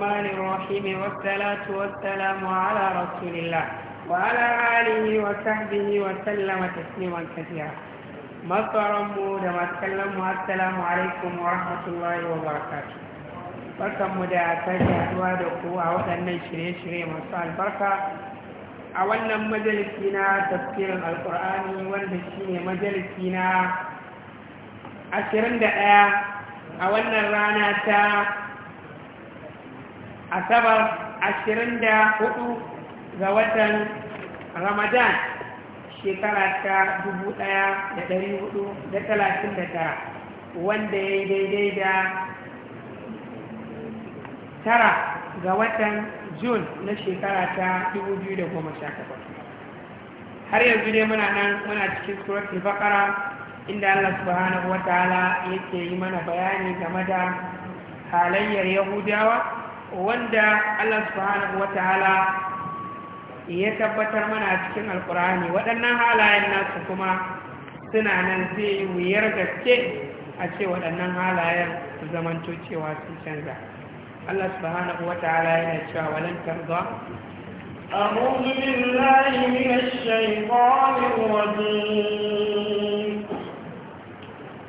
الرحمن الرحيم والصلاة والسلام على رسول الله وعلى آله وصحبه وسلم تسليما كثيرا matsararmu da matsallanmu assalamu alaikum wa rahmatullahi wa barakatu barkanmu da sake haduwa da ku a waɗannan shirye-shirye masu albarka a wannan majalisi na tafsirin alkur'ani wanda shi ne majalisi na 21 a wannan rana ta asabar ashirin da hudu ga watan ramadan shekara ta dubu daya da dari hudu da talatin da tara wanda ya yi daidai da tara ga watan jun na shekara ta dubu biyu da goma sha takwas har yanzu dai muna nan muna cikin suratul bakara inda Allah subhanahu wa ta'ala yake yi mana bayani game da halayyar yahudawa wanda Allah subhanahu wataala ya tabbatar mana a cikin alkur'ani waɗannan halayen nasu kuma suna nan zai wuyar gaske a ce waɗannan halayen su zamanto cewa sun canza Allah subhanahu wataala yana cewa walan tarda أعوذ بالله من الشيطان الرجيم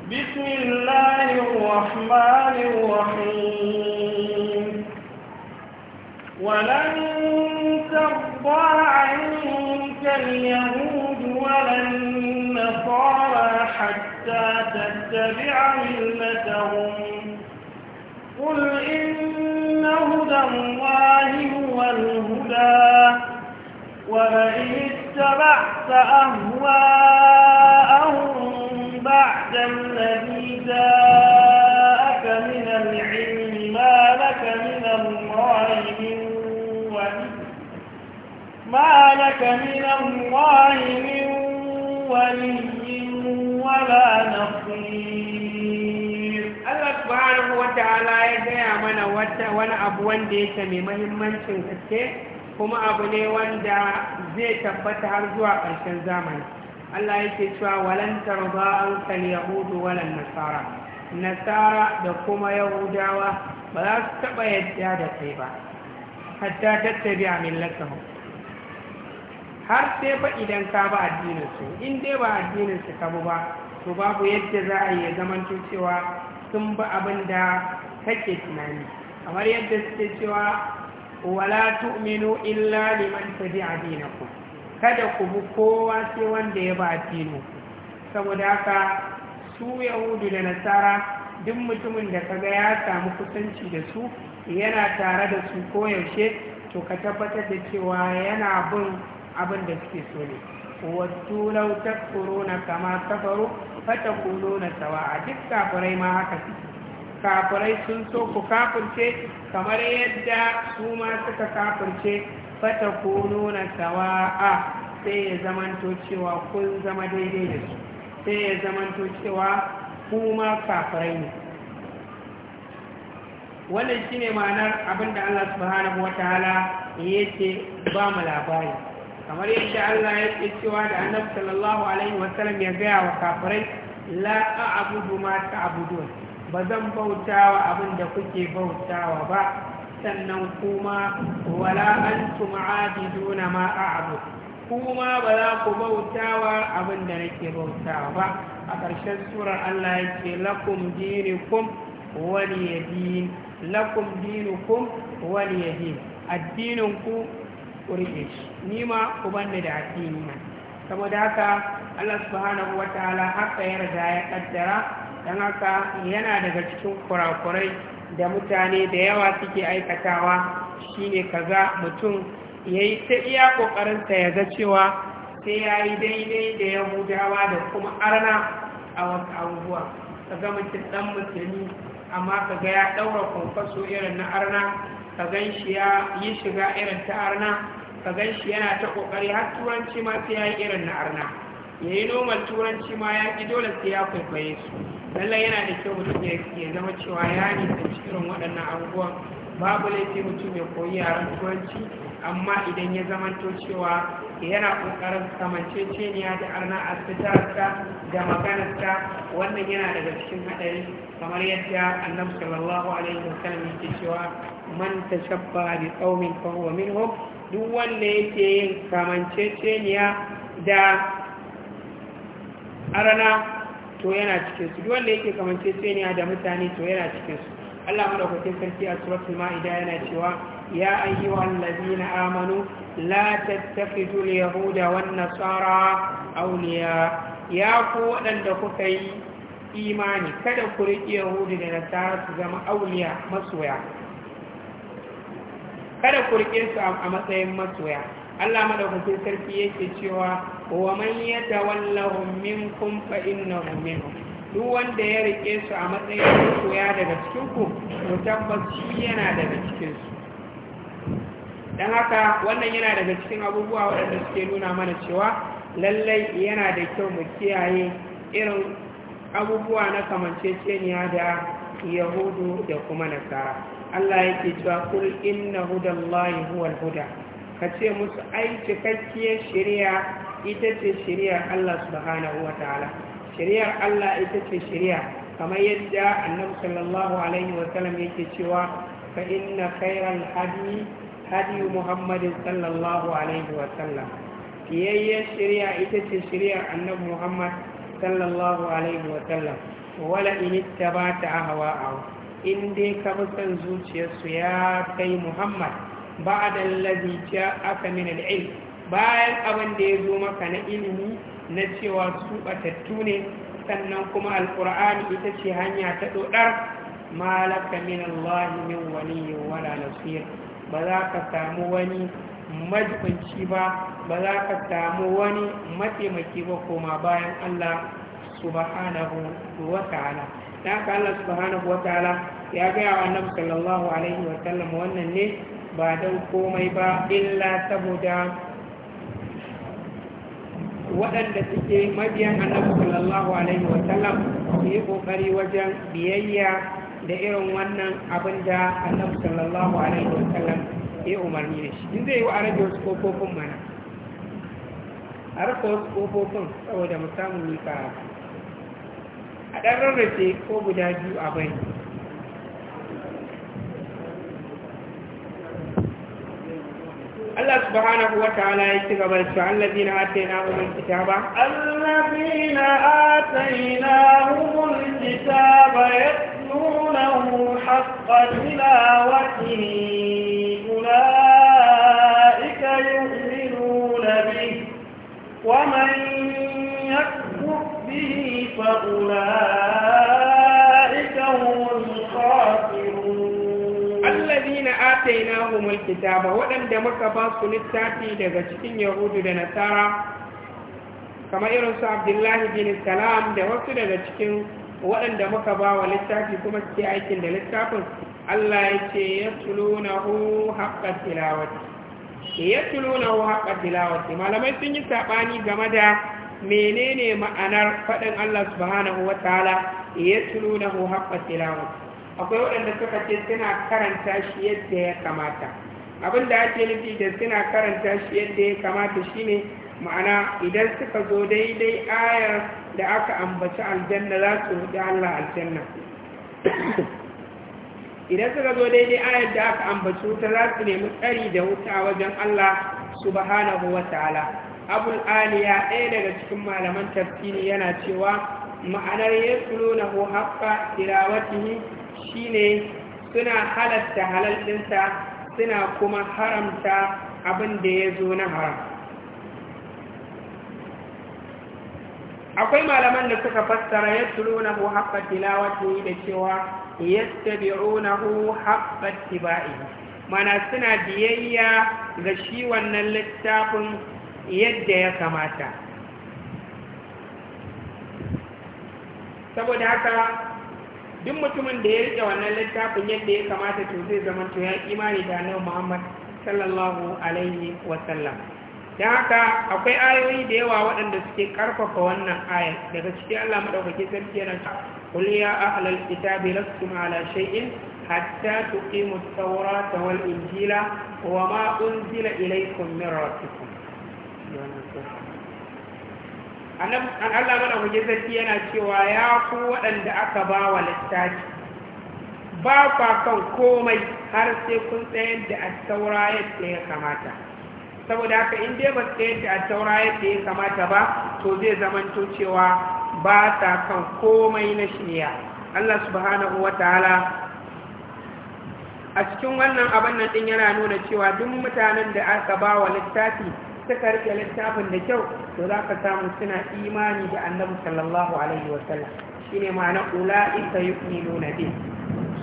بسم الله الرحمن الرحيم ولن ترضى عنك اليهود ولا النصارى حتى تتبع ملتهم قل إن هدى الله هو الهدى ولئن اتبعت أهواءهم بعد الذي جاءك من لك من الله من ولي ولا Allah subhanahu wa ta'ala ya gaya mana wani abu wanda yake mai mahimmancin gaske kuma abu ne wanda zai tabbata har zuwa ƙarshen zamani Allah yake cewa walan tarba an kal yahudu walan nasara nasara da kuma yahudawa ba za su taɓa yadda da kai ba hatta tattabi a millatahum har sai fa idan ka ba addinin su in dai ba addinin su ka ba to babu yadda za a yi zamanto cewa sun ba abin da kake tunani kamar yadda suke cewa wala tu'minu illa liman tabi'a dinakum kada ku bi kowa sai wanda ya ba addinin saboda haka su yahudu da nasara duk mutumin da kaga ya samu kusanci da su yana tare da su koyaushe to ka tabbatar da cewa yana bin abin da suke so ne wasu lau takfuruna kama kafaru tawa sawa'a duk kafurai ma haka suke kafirai sun so ku kafirce kamar yadda su ma suka kafirce tawa sawa'a sai ya zamanto cewa kun zama daidai da su sai ya zamanto cewa kuma kafirai ne wannan shine ma'anar abinda Allah subhanahu ya ce ba mu labari kamar yadda Allah ya ce cewa da annabi sallallahu alaihi wasallam ya gaya wa kafirai la a'budu ma ta'budun ba zan bautawa abin da kuke bautawa ba sannan kuma wala antum aabiduna ma a'budu kuma ba za ku bautawa abin da nake bautawa ba a ƙarshen surar Allah ya ce lakum dinikum waliya din lakum dinukum waliya addinin ku rike shi ni ma ku banni da addini na saboda haka Allah subhanahu wa ta'ala haka ya riga ya kaddara dan haka yana daga cikin kurakurai da mutane da yawa suke aikatawa shine kaza mutum yayi ta iya sa ya ga cewa sai yayi daidai da ya yahudawa da kuma arna a wasu abubuwa ka mutum dan musulmi amma kaga ya ɗaura kwankwaso irin na arna ka gan shi ya yi shiga irin ta arna ka gan shi yana ta kokari har turanci ma sai ya yi irin na arna ya yi nomal turanci ma ya ƙi dole sai ya kwaikwaye su lallai yana da kyau mutum ya ke zama cewa ya nisanci cikin waɗannan abubuwan babu laifi mutum ya koyi yaren turanci amma idan ya zama to cewa yana ƙoƙarin kamanceceniya da arna a fitarsa da maganarsa wannan yana daga cikin haɗari kamar yadda annabi sallallahu alaihi wasallam yake cewa man tashabba bi qaumin fa huwa minhum duk wanda yake yin kamanceceniya da arana to yana cikin su duk wanda yake kamanceceniya da mutane to yana cikin su Allah sarki a suratul ma'ida yana cewa ya ayyuhan ladina amanu la al yahuda wan nasara awliya ya ku wadanda kuka yi imani kada ku riƙe yahudi da nasara su zama awliya masoya kada ku rike su a matsayin masoya Allah madaukakin sarki yake cewa wa man yatawallahu minkum fa innahu minhum duk wanda ya rike su a matsayin masoya daga cikin ku to tabbas shi yana daga cikin su dan haka wannan yana daga cikin abubuwa waɗanda suke nuna mana cewa lallai yana da kyau mu kiyaye irin abubuwa na kamanceceniya da yahudu da kuma nasara Allah yake cewa kul inna hudallahi huwal huda kace musu ai cikakkiyar shari'a ita ce shari'ar Allah subhanahu wataala shari'ar Allah ita ce shari'a kamar yadda Annabi sallallahu alaihi wa wasallam yake cewa fa inna khairal hadi hadi Muhammadin sallallahu alaihi wa sallam. fiyayyar shari'a ita ce shari'ar Annabi Muhammad sallallahu alaihi wa sallam. wala in ittabata ahwa'ahu in dai ka bi son zuciyarsu ya kai muhammad ba da ja aka min al'il bayan abin da ya zo maka na ilimi na cewa su batattu ne sannan kuma alkur'ani ita ce hanya ta ɗoɗar malaka min Allah min wani wala nasir ba za ka samu wani majibanci ba ba za ka samu wani mataimaki ba koma bayan Allah subhanahu wa ta'ala da haka Allah subhanahu wa ta'ala ya gaya wa annabi sallallahu alaihi wa sallam wannan ne ba don komai ba illa saboda waɗanda suke mabiyan annabi sallallahu alaihi wa sallam su yi ƙoƙari wajen biyayya da irin wannan abin da annabi sallallahu alaihi wa sallam ya umarni da shi in zai yi wa arabe wasu kofofin mana a su wasu kofofin saboda mu samu nika a ɗan rarrace ko guda biyu a bai Allah subhanahu wa ta'ala ya ci gaba su an labi na ake na umar cita ba? an labi na ake na umar cita ba ya nuna mu haƙƙa ومن Ataynahumul kitaba waɗanda muka ba su littafi daga cikin Yahudu da Nasara kamar irin su Abdullahi bin Salam da wasu daga cikin waɗanda muka ba wa littafi kuma suke aikin da littafin Allah yake yatlunahu haqqa tilawati hu haqqa tilawati malamai sun yi saɓani game da menene ma'anar faɗin Allah subhanahu wa ta'ala ya tulu haƙƙa tilawa akwai waɗanda suka ce suna karanta shi yadda ya kamata abin da ake nufi da suna karanta shi yadda ya kamata shine ma'ana idan suka zo daidai ayar da aka ambaci aljanna za su ruɗi Allah aljanna idan suka zo daidai ayar da aka ambaci wuta za su nemi tsari da wuta wajen Allah subhanahu wa ta'ala abul aliya ɗaya daga cikin malaman tafsiri yana cewa ma'anar na yaslunahu haqqa tilawatihi shine suna halatta halal ɗinsa suna kuma haramta abin da ya zo na haram akwai malaman da suka fassara yaslunahu haqqa tilawatihi da cewa hu haqqa tiba'i mana suna biyayya ga shi wannan littafin yadda ya kamata saboda haka duk mutumin da ya rike wannan littafin yadda ya kamata to zai zama to ya imani da annabi Muhammad sallallahu alaihi wa sallam dan haka akwai ayoyi da yawa waɗanda suke karfafa wannan ayat daga cikin Allah madaukake sarki yana ta qul ya ahlal kitabi lakum ala shay'in hatta tuqimu at wal injila wa ma unzila ilaykum min rabbikum annabi Allah mana hujje sarki yana cewa ya ku waɗanda aka ba wa littafi ba kwa kan komai har sai kun tsayar da a taura yadda ya kamata saboda haka inda dai ba tsayar da a taura yadda ya kamata ba to zai zamanto cewa ba ta kan komai na shirya Allah subhanahu wa ta'ala a cikin wannan abin nan din yana nuna cewa duk mutanen da aka ba wa littafi suka rike littafin da kyau to za ka samu suna imani da annabi sallallahu alaihi wasallam ne ma'ana ula'ika yu'minuna bi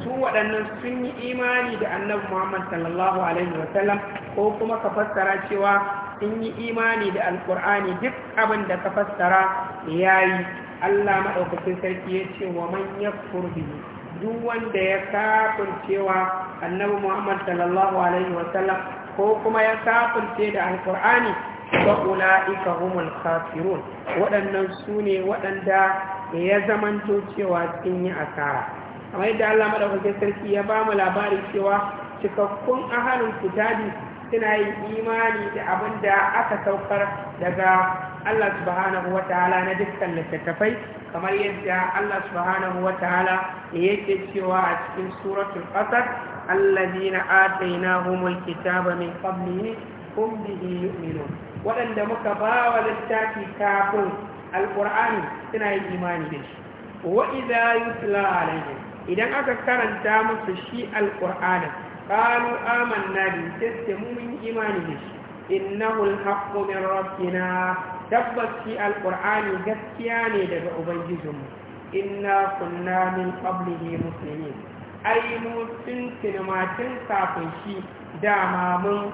su waɗannan sun yi imani da annabi Muhammad sallallahu alaihi wasallam ko kuma ka fassara cewa sun yi imani da alkur'ani duk abin da ka fassara ya yi allah maɗaukacin sarki ya ce wa manyan kurbi duk wanda ya kafin cewa annabi muhammad sallallahu alaihi wasallam ko kuma ya kafirce da alkur'ani fa ika humul kafirun waɗannan su ne waɗanda ya zamanto cewa sun yi asara kamar yadda Allah madaukakin sarki ya ba mu labari cewa cikakkun ahalin kitabi suna yin imani da abin da aka saukar daga Allah subhanahu wa ta'ala na dukkan littattafai kamar yadda Allah subhanahu wa ta'ala yake cewa a cikin suratul qasas alladina atainahumul kitaba min qablihi hum bihi yu'minun waɗanda muka ba wa littafi kafin alqur'ani suna yin imani da shi wa idza yutla alaihim idan aka karanta musu shi alqur'ani qalu amanna bi sai mun imani da shi innahu alhaqqu min rabbina tabbas shi alqur'ani gaskiya ne daga ubangijinmu inna kunna min qablihi muslimin ainihin tinimatin kafin shi dama mun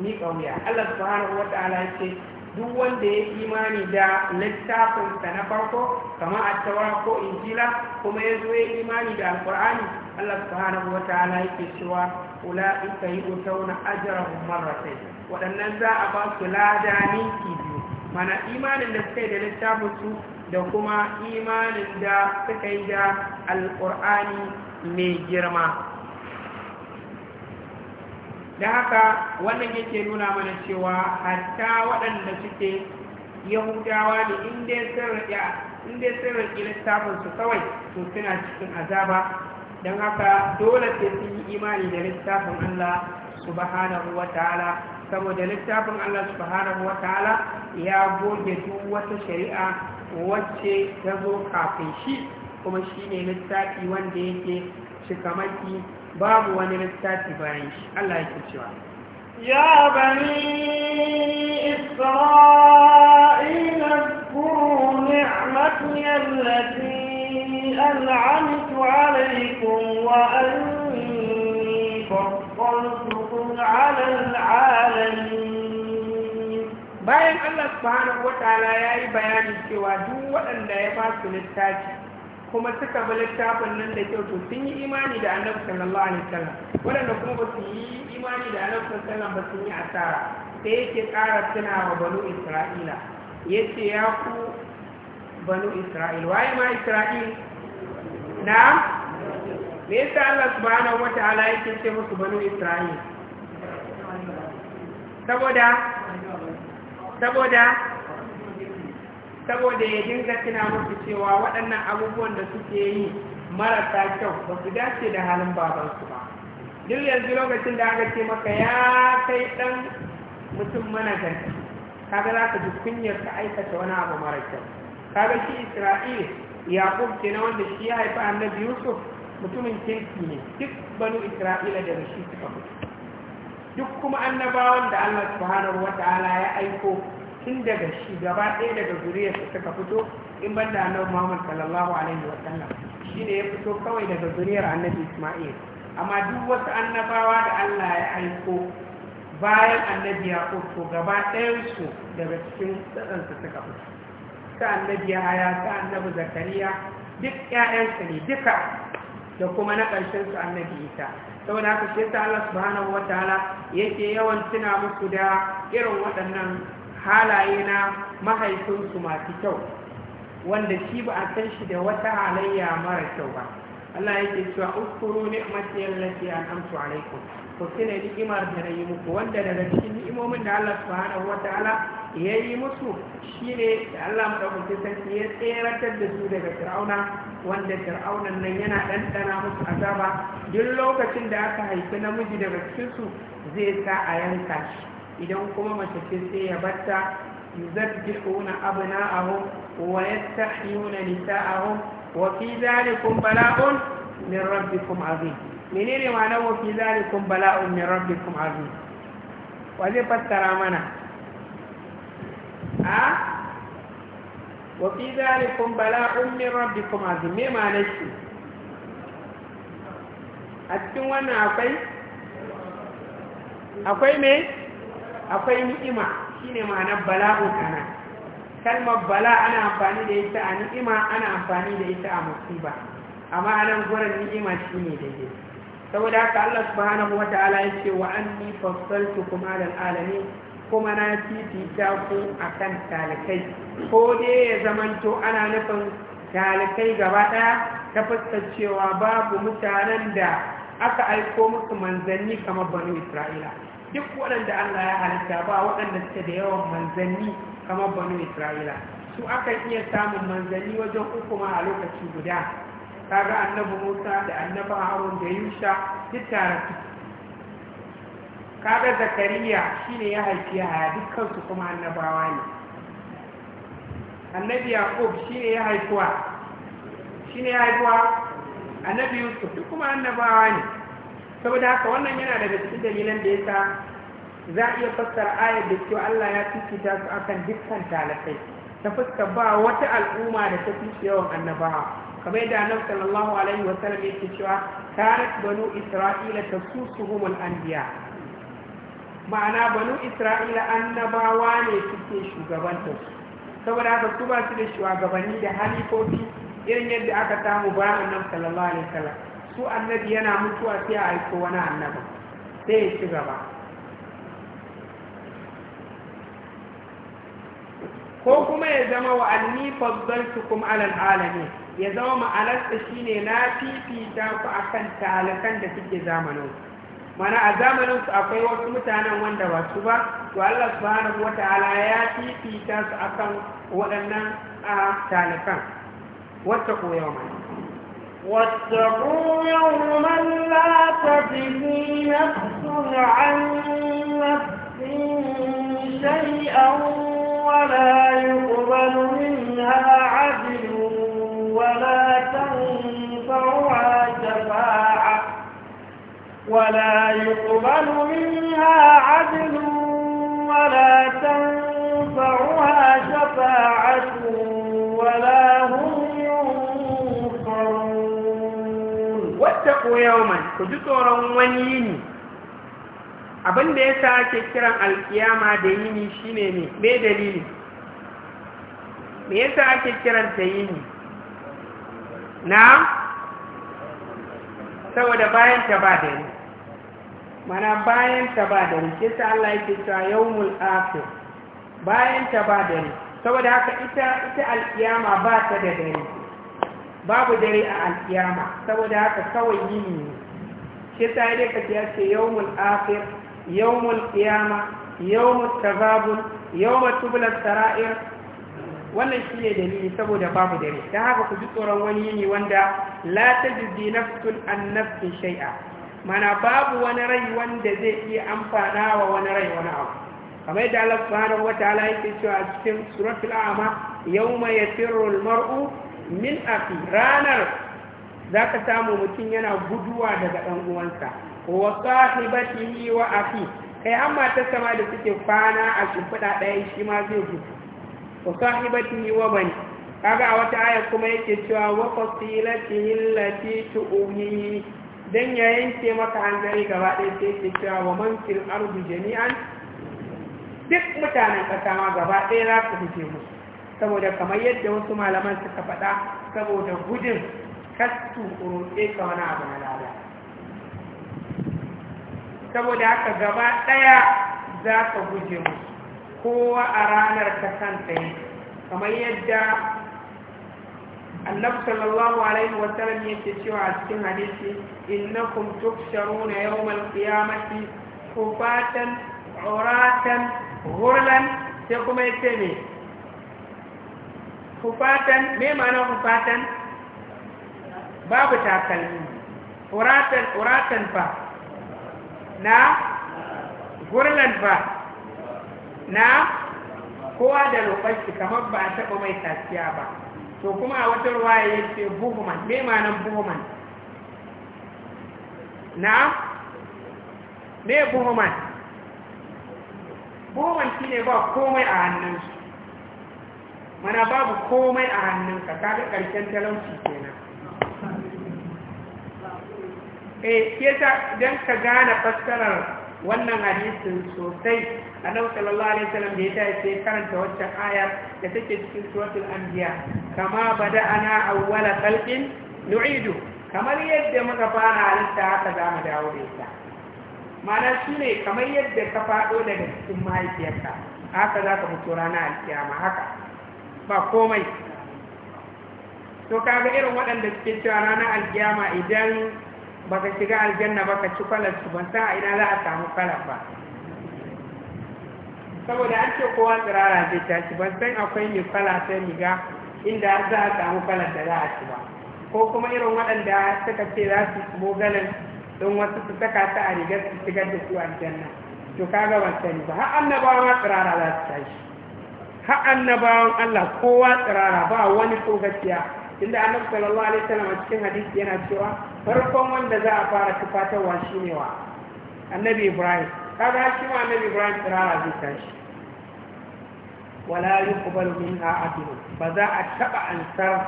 ni ƙauya Allah subhanahu wa ce duk wanda ya imani da littafinsa na farko kamar attawa ko injila kuma ya zo imani da alkur'ani Allah subhanahu wa ta'ala yake cewa ula'ika yi utauna ajrahum marratayn waɗannan za a ba su lada ninki biyu mana imanin da suka yi da littafin su da kuma imanin da suka yi da alƙur'ani mai girma da haka wannan yake nuna mana cewa hatta waɗanda suke yahudawa ne inda sun riƙi littafinsu kawai to suna cikin azaba don haka dole sai sun yi imani da littafin allah subhanahu wa ta'ala saboda littafin Allah subhanahu wa ta'ala ya goge duk wata shari'a wacce ta zo kafin shi kuma shi ne littafi wanda yake shikamaki babu wani littafi bayan shi Allah yake cewa ya bani isra'ila kuru ni'mati allati an'amtu alaykum wa anni faddaltukum 'ala al-'alamin bayan Allah subhanahu ta'ala ya yi bayani cewa duk waɗanda ya ba su littafi kuma suka bi littafin nan da kyau to sun yi imani da annabi sallallahu alaihi wasallam waɗanda kuma ba su yi imani da annabi sallallahu alaihi wasallam ba sun yi asara sai yake ƙara tuna wa banu isra'ila yace ya ku banu isra'il waye ma isra'il na me yasa Allah subhanahu ta'ala yake ce musu banu isra'il saboda saboda saboda ya dinga tuna musu cewa waɗannan abubuwan da suke yi marasa kyau ba su dace da halin babansu ba duk yanzu lokacin da aka ce maka ya kai ɗan mutum mana gani kaga za ka ji kunyar ka aikata wani abu mara kyau kaga shi isra'il yaƙub ke na wanda shi ya haifi annabi yusuf mutumin kirki ne duk banu isra'ila da shi suka mutu duk kuma annabawan da Allah subhanahu ta'ala ya aiko tun daga shi gaba ɗaya daga zuriyar su suka fito in ban da annabi Muhammad sallallahu alaihi wa sallam shine ya fito kawai daga zuriyar annabi Isma'il amma duk wasu annabawa da Allah ya aiko bayan annabi ya fito gaba ɗayan su daga cikin tsatsan su suka fito ta annabi Yahaya ta annabi Zakariya duk ƴaƴansu ne duka da kuma na ƙarshen su annabi Isa saboda haka shi yasa Allah subhanahu wataala yake yawan tuna musu da irin waɗannan halaye na mahaifinsu masu kyau wanda shi ba a san shi da wata halayya mara kyau ba Allah yake cewa uskuru ni'mati allati an'amtu alaikum ku tuna ni'imar da na yi muku wanda daga cikin ni'imomin da Allah subhanahu wa ta'ala ya yi musu shine da Allah madaukakin sarki ya tseratar da su daga fir'auna wanda fir'aunan nan yana ɗanɗana musu azaba duk lokacin da aka haifi namiji daga cikinsu zai sa a yanka shi idan kuma mace ce sai ya batta yuzabbihuna abna'ahum wa yastahyuna nisa'ahum wa fi dhalikum bala'un min rabbikum azim menene ma'ana wa fi zalikum bala'un min rabbikum azim wa zai fassara mana a wa fi zalikum bala'un min rabbikum azim me ma'ana shi a cikin wannan akwai akwai me akwai ni'ima shine ma'ana bala'un ana kalmar bala ana amfani da ita a ni'ima ana amfani da ita a musiba amma anan gurin ni'ima shine daidai saboda haka Allah subhanahu wataala ya ce wa anni kuma alal alami kuma na fifita ku akan talikai ko dai ya zamanto ana nufin talikai gaba ɗaya ta fuskar cewa babu mutanen da aka aiko musu manzanni kamar banu isra'ila duk waɗanda Allah ya halitta ba waɗanda suke da yawan manzanni kamar banu isra'ila su akan iya samun manzanni wajen uku ma a lokaci guda kaga annabi musa da annabi harun da yusha duk tare kaga zakariya shine ya haifi dukkan su kuma annabawa ne annabi yaqub shine ya haifuwa shine ya haifuwa annabi yusuf duk kuma annabawa ne saboda haka wannan yana daga cikin dalilan da yasa za a iya fassara ayar da cewa Allah ya fifita su akan dukkan talakai ta fuskar ba wata al'umma da ta fi yawan annabawa kamar yadda annabi sallallahu alaihi wa sallam yake cewa kanat banu isra'ila tasusuhum al-anbiya ma'ana banu isra'ila annabawa ne suke shugabanta. su saboda haka su ba su da shugabanni da halifofi irin yadda aka samu bayan annabi sallallahu alaihi wa sallam su annabi yana mutuwa sai a aiko wani annabi sai ya ci gaba ko kuma ya zama wa anni kum alal alalami ya zama ma'anar ma'anarsa shine na fifita ku akan talakan da suke zamanin mana a zamanin su akwai wasu mutanen wanda ba su ba to Allah subhanahu wataala ya fifita su akan waɗannan talakan wata koyawa mai واتقوا يوما لا تجزي نفس عن نفس شيئا ولا يقبل منها عدل ولا تنفعها شفاعة ولا يقبل منها عدل ولا تنفعها شفاعة ولا هم ينصرون واتقوا يوما كجدوا روانيني abin da ya sa ake kiran alkiyama da yini shine ne me dalili me sa ake kiran ta yini na saboda bayan ta ba da ni mana bayan ta ba da ni kisa Allah yake cewa yau akhir bayan ta ba da ni saboda haka ita ita alkiyama ba ta da dare babu dare a alkiyama saboda haka kawai yini ne kisa ka ce yau akhir يوم القيامة يوم التبابل يوم تبلى السرائر wannan shi ne dalili saboda babu dare ta haka ku ji tsoron wani yini wanda la ta jizdi nafsun an nafsin shai'a mana babu wani rai wanda zai iya amfana wa wani rai wani abu kamar yadda Allah subhanahu wa ta'ala yake cewa a cikin suratul a'ma yawma yafirru al-mar'u min akhi ranar zaka samu mutum yana guduwa daga dan uwansa wa sahibatihi wa akhi kai amma ta sama da suke kwana a shimfiɗa ɗaya shi ma zai gudu wa sahibatihi wa bani kaga a wata ayar kuma yake cewa wa fasilatihi allati tu'mi dan ya yanke maka hanzari gaba ɗaya sai yake cewa wa man fil ardi jami'an duk mutanen ƙasa ma gaba ɗaya za su fice mu saboda kamar yadda wasu malaman suka faɗa saboda gudun kasu roƙe ka wani abu na lada saboda haka gaba ɗaya za ka guje mu kowa a ranar ta kanta yi kamar yadda annabi sallallahu alaihi wasallam yake cewa a cikin hadisi innakum tuhsharuna yawmal qiyamati kufatan uratan ghurlan sai kuma yace ne kufatan me ma'ana kufatan babu takalmi uratan uratan fa na gurland ba na kowa da lokaci kamar ba a taɓa mai tasiya ba to kuma a wata ruwaya ya ce buhuman me manan buhuman na me buhuman buhuman shi ne ba komai a hannunsu mana babu komai a hannunka kafin ƙarshen talauci kenan eh yasa idan ka gane fassarar wannan hadisin sosai a sallallahu alaihi wasallam da ya ta sai karanta waccan aya da take cikin suratul anbiya kama ana awwala khalqin nu'idu kamar yadda muka fara halitta haka za mu dawo da ita ma'ana ne kamar yadda ka faɗo daga cikin mahaifiyarka haka za ka fito ranar alkiyama haka ba komai to kaga irin waɗanda suke cewa ranar alkiyama idan Ba ka shiga aljanna ba ka ci su, ban sa a ina za a samu kwalar ba saboda an ce kowa tsirara zai tashi ban san akwai mai kwala ta riga inda za a samu kwalar da za a ci ba ko kuma irin waɗanda suka ce za su shigo ganin don wasu su saka ta a rigar su shigar da su aljanna to kaga ban sani ba har annabawa tsirara za su tashi har annabawan Allah kowa tsirara ba wani ko gaskiya inda annabi sallallahu alaihi wasallam cikin hadisi yana cewa farkon wanda za a fara tufatarwa shi ne wa annabi ibrahim kaga shi ma annabi ibrahim tsirara zai tashi wala yuqbalu minha adlu ba za a taba ansar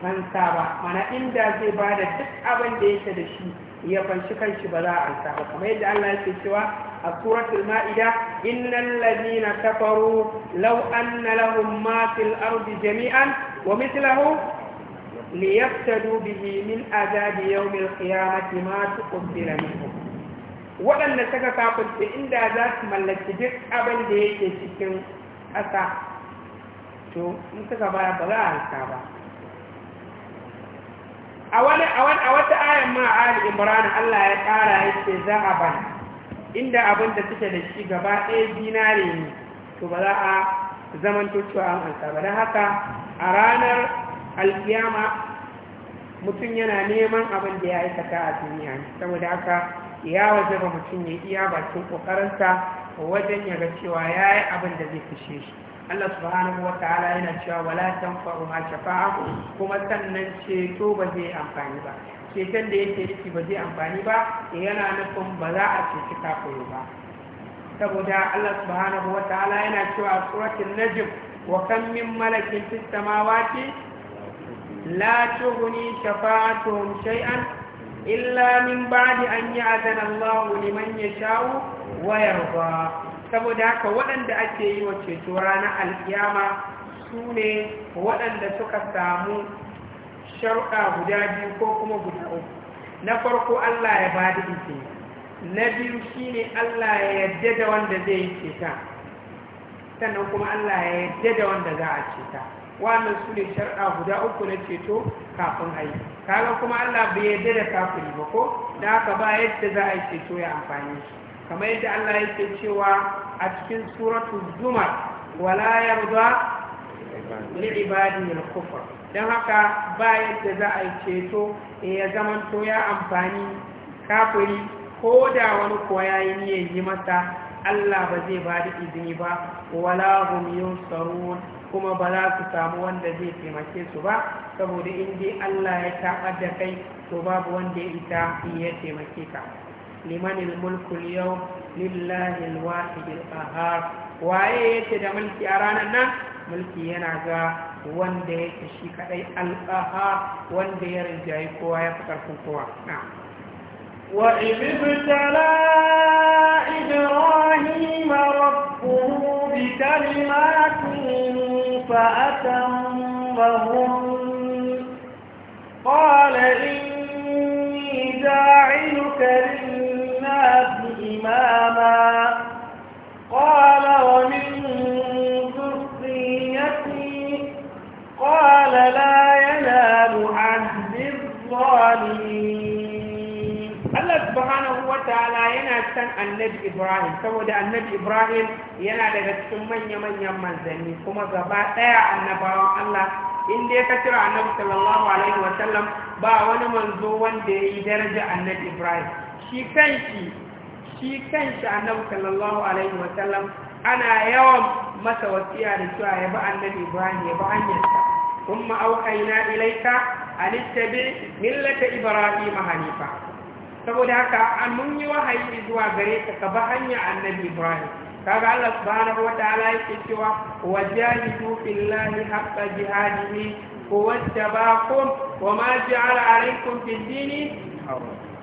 fansa ba mana inda zai ba da duk abin da yake da shi ya fanshi kanshi ba za a ansa ba kamar yadda Allah yake cewa a suratul ma'ida innal ladina kafaru law anna lahum ma fil ardi jami'an wa mithluhu liyaftadu bihi min azabi yawmil qiyamati ma tuqbila minhum waɗanda suka kafirce inda za su mallaki duk abin da yake cikin ƙasa to in suka baya ba za a halka ba a wani a wata ayan ma ali imran Allah ya ƙara yake za a ban inda abin da suke da shi gaba ɗaya dinare ne to ba za a zamanto cewa an halka ba don haka a ranar alkiyama mutum yana neman abin da ya aikata a duniya saboda haka ya waje ba mutum ya iya bakin kokarinsa wajen ya cewa ya yi abin da zai fushe shi Allah subhanahu wa ta'ala yana cewa wala tanfa'u ma shafa'a kuma sannan ceto ba zai amfani ba ceton da yake nufi ba zai amfani ba yana nufin ba za a ceci koyo ba saboda Allah subhanahu wa ta'ala yana cewa a suratul najm wa kam min malakin fis samawati لا تغني شفاعتهم شيئا إلا من بعد أن يأذن الله لمن يشاء ويرضى saboda haka waɗanda ake yi wa ceto ranar alkiyama su ne waɗanda suka samu sharuɗa guda biyu ko kuma guda uku na farko Allah ya ba da ike na biyu shine Allah ya yarda da wanda zai yi ceta sannan kuma Allah ya yarda da wanda za a ceta wannan su ne sharɗa guda uku na ceto kafin haihu kaga kuma Allah bai yarda da kafiri ba ko da haka ba yadda za a yi ceto ya amfani shi kamar yadda Allah yake cewa a cikin suratu zumar wala yarda li ibadihi al-kufr dan haka ba yadda za a yi ceto ya zamanto ya amfani kafiri ko da wani kuwa yi niyyar yi masa Allah ba zai ba da izini ba wala hum yunsarun kuma ba za su samu wanda zai taimake su ba saboda in dai Allah ya taɓar da kai to babu wanda ya ita ya taimake ka limanil mulkul yau lillahi alwahidil qahhar waye yake da mulki a ranar nan mulki yana ga wanda yake shi kadai alqaha wanda ya rinjayi kowa ya fi karfin kowa wa ibtala ibrahima rabbuhu bi kalimatin فأتمهم قال إني جاعلك للناس إماما قال ومن ذريتي قال لا ينال عهد الظالمين Allah subhanahu wa ta'ala yana san annabi Ibrahim saboda annabi Ibrahim yana daga cikin manya-manyan manzanni kuma gaba ɗaya annabawan Allah in dai ka cira annabi sallallahu alaihi wa sallam ba wani manzo wanda ya yi daraja annabi Ibrahim shi kanshi shi kanshi annabi sallallahu alaihi wa sallam ana yawan masa wasiya da cewa ya bi annabi Ibrahim ya bi hanyarsa kuma auhayna ilaika an ittabi millata ibrahim hanifa saboda haka an mun yi wahayi zuwa gare ka ka ba hanya annabi ibrahim kaga Allah subhanahu wataala yake cewa wajahidu fillahi haqqa jihadihi huwa wama ja'ala alaykum fid dini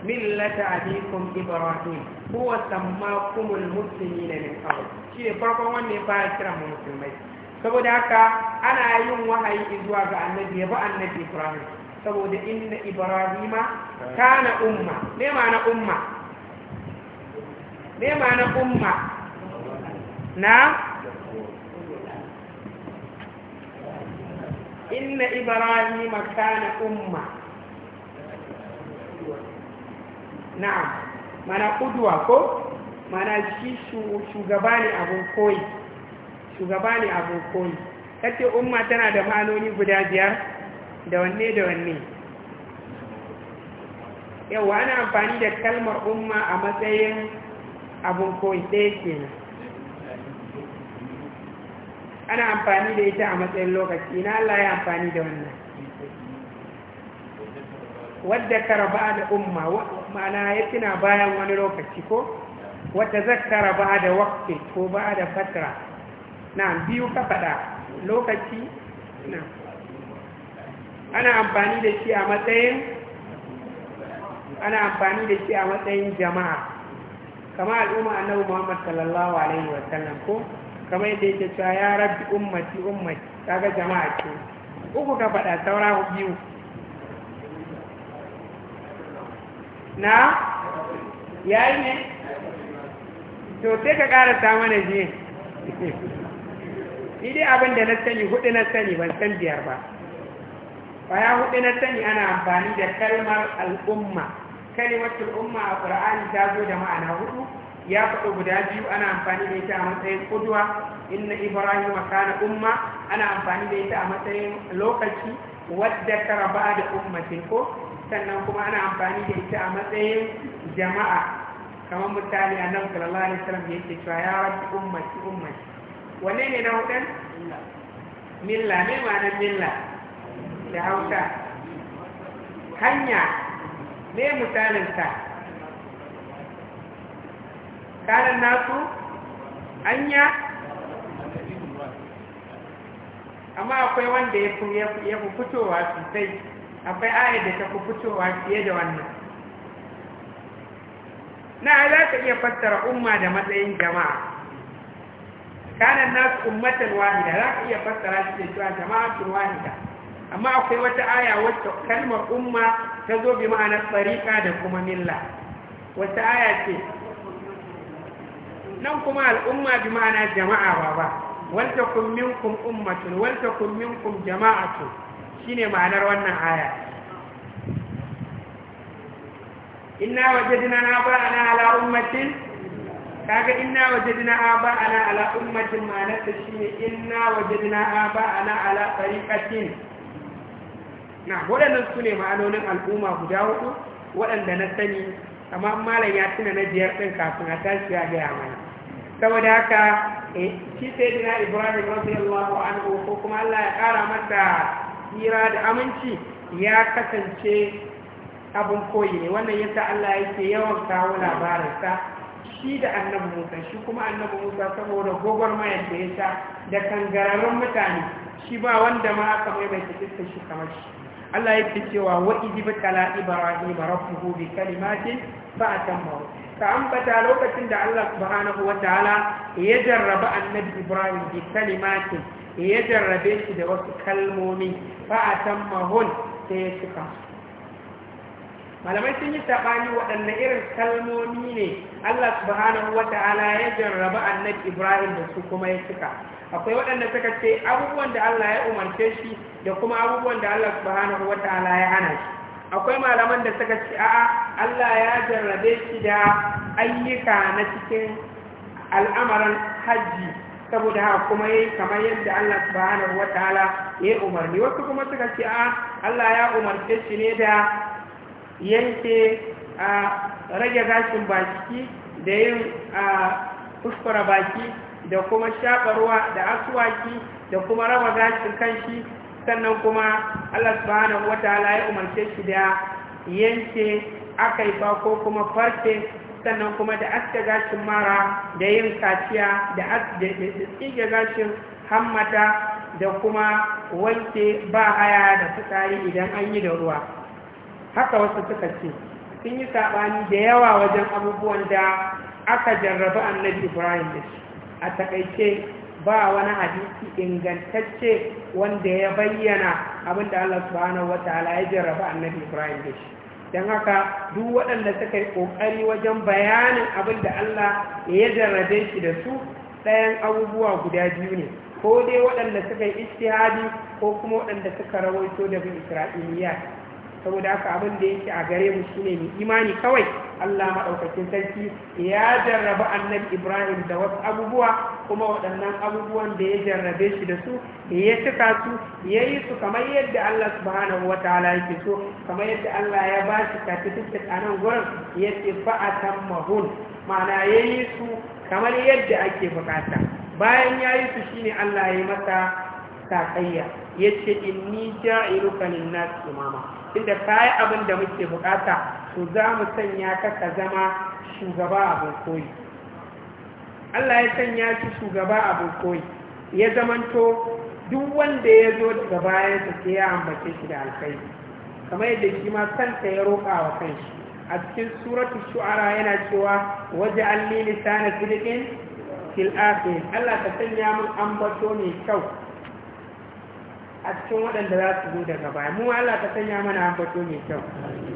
millata abikum ibrahim huwa sammakumul muslimina min qabl shi ne farkon wanda ya fara kira musulmai saboda haka ana yin wahayi zuwa ga annabi ya ba annabi ibrahim saboda inda ibrahima kana umma me ma'ana umma me ma'ana umma na inna ibrahima kana umma na'am mana kudwa ko mana kishu shugabani abun koyi shugabani abun koyi kace umma tana da manoni guda biyar da wanne da wanne yawa ana amfani da kalmar umma a matsayin abun koyi ɗaya ke ana amfani da ita a matsayin lokaci na Allah ya amfani da wannan wadda karaba da umma ma'ana ya tuna bayan wani lokaci ko wadda zakara ba da wakil ko ba da fatara na biyu ka faɗa lokaci na ana amfani da shi a matsayin ana amfani da shi a matsayin jama'a kama al'umma annabi Muhammad sallallahu alaihi wa sallam ko kama yadda yake cewa ya rabbi ummati ummati kaga jama'a ce uku ka faɗa saura biyu na yayi ne to sai ka ƙarasa mana jiya ni dai abin da na sani hudu na sani ban san biyar ba kwaya hudu na sani ana amfani da kalmar al'umma kalimatul umma a ƙura'ani ta zo da ma'ana hudu ya faɗo guda biyu ana amfani da ita a matsayin kuduwa, inna ibrahim a kana umma ana amfani da ita a matsayin lokaci wadda ta raba da ummatin ko sannan kuma ana amfani da ita a matsayin jama'a kamar misali nan sallallahu alaihi wasallam ce cewa ya rabbi ummati ummati wanne ne na hudan milla me ma'anar milla da hausa hanya ne misalinta kanan nasu hanya amma akwai wanda ya fi fitowa sosai akwai ayyar da ta fi fitowa fiye da wannan na za ka iya fassara umma da matsayin jama'a kanan nasu ummatan wahida za ka iya fassara shi da cewa su wahida amma akwai wata aya wacce kalmar umma ta zo bi ma'anar tsarika da kuma milla wata aya ce nan kuma al'umma bi ma'ana jama'a ba ba walta kun minkum ummatun walta kun minkum jama'atun shine ma'anar wannan aya inna wajadna aba'ana ala ummatin kaga inna wajadna aba'ana ala ummatin ma'anar ta ne inna wajadna na ala tariqatin na waɗannan su ne ma'anonin al'umma guda hudu waɗanda na sani amma malam ya tuna na biyar ɗin kafin a tashi ya gaya mana saboda haka eh, shi sai dina ibrahim radiyallahu anhu ko kuma allah ya ƙara masa hira da aminci ya kasance abin koyi ne wannan yasa allah yake yawan kawo labarinsa shi da annabi musa shi kuma annabi musa saboda gwagwarmayar da ya sa da kangararrun mutane shi ba wanda ma aka maimaita iskar shi kamar shi Allah yake cewa wa idibtala ibrahim rabbuhu bi kalimatin fa atamma ka ambata lokacin da Allah subhanahu wataala ya jarraba annabi ibrahim bi kalimatin ya jarrabe shi da wasu kalmomi fa atamma hun sai ya cika malamai sun yi saɓani waɗanne irin kalmomi ne Allah subhanahu wataala ya jarraba annabi ibrahim da su kuma ya cika akwai waɗanda suka ce abubuwan da Allah ya umarce shi da kuma abubuwan da Allah subhanahu wataala ya hana shi akwai malaman da suka ce a'a Allah ya jarrabe shi da ayyuka na cikin al'amaran hajji saboda haka kuma yayi kamar yadda Allah subhanahu ta'ala ya umarni wasu kuma suka ce a'a Allah ya umarce shi ne da yanke a rage gashin baki da yin a kuskura baki da kuma shaɓarwa da aswaki da kuma raba gashin kanshi sannan kuma Allah subhanahu wataala ya umarce shi da yanke akaifa ko kuma farce sannan kuma da aske gashin mara da yin kaciya da tsige gashin hammata da kuma wanke ba haya da fitsari idan an yi da ruwa haka wasu suka ce sun yi saɓani da yawa wajen abubuwan da aka jarraba annabi ibrahim da shi a takaice ba wani hadisi ingantacce wanda ya bayyana abinda Allah subhanahu wataala ya jarraba annabi Ibrahim da shi don haka duk waɗanda suka yi ƙoƙari wajen bayanin abinda Allah ya jarrabe shi da su ɗayan abubuwa guda biyu ne ko dai waɗanda suka yi istihadi ko kuma waɗanda suka rawaito da bin isra'iliya saboda haka abin da yake a gare mu shine mai imani kawai Allah maɗaukacin sarki ya jarraba annabi Ibrahim da wasu abubuwa kuma waɗannan abubuwan da ya jarrabe shi da su ya cika su ya yi su kamar yadda Allah subhanahu wa ta'ala yake so kamar yadda Allah ya ba shi certificate a nan gurin ya ce fa'atan mahun ma'ana ya yi su kamar yadda ake bukata bayan ya yi su shine Allah ya yi masa takayya ya ce inni ja'iluka lin-nas imama inda ka yi abin da muke bukata to za mu sanya ka zama shugaba abin koyi Allah ya sanya shi shugaba abin koyi ya zamanto duk wanda ya zo daga bayan sai ya ambace shi da alkhairi kamar yadda shi ma kansa ya roƙa wa kanshi a cikin suratul shu'ara yana cewa waje alli lisana sidqin fil akhir Allah ka sanya mun ambato mai kyau a cikin waɗanda za su zo daga baya mu Allah ta sanya mana ambato mai kyau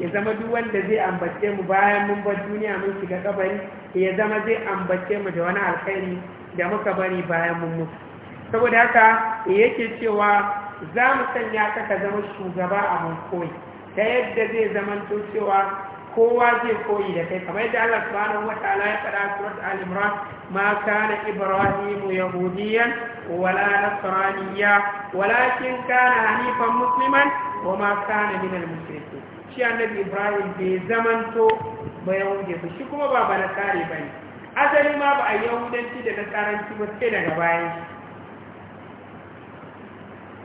ya zama duk wanda zai ambace mu bayan mun bar duniya mun shiga kabari ya zama zai ambace mu da wani alkhairi da muka bari bayan mun mutu saboda haka yake cewa za mu sanya ka zama shugaba a mun koyi ta yadda zai zamanto cewa kowa zai koyi da kai kamar yadda Allah subhanahu wataala ya faɗa surat al-imran ma kana ibrahim yahudiyan wala nasraniya walakin kana hanifan musliman wa ma kana min al-mushrikeen shi annabi ibrahim bai zamanto ba yahudi ba shi kuma ba ba ne. bane asali ma ba a yahudanci da nasaranci ba sai daga bayan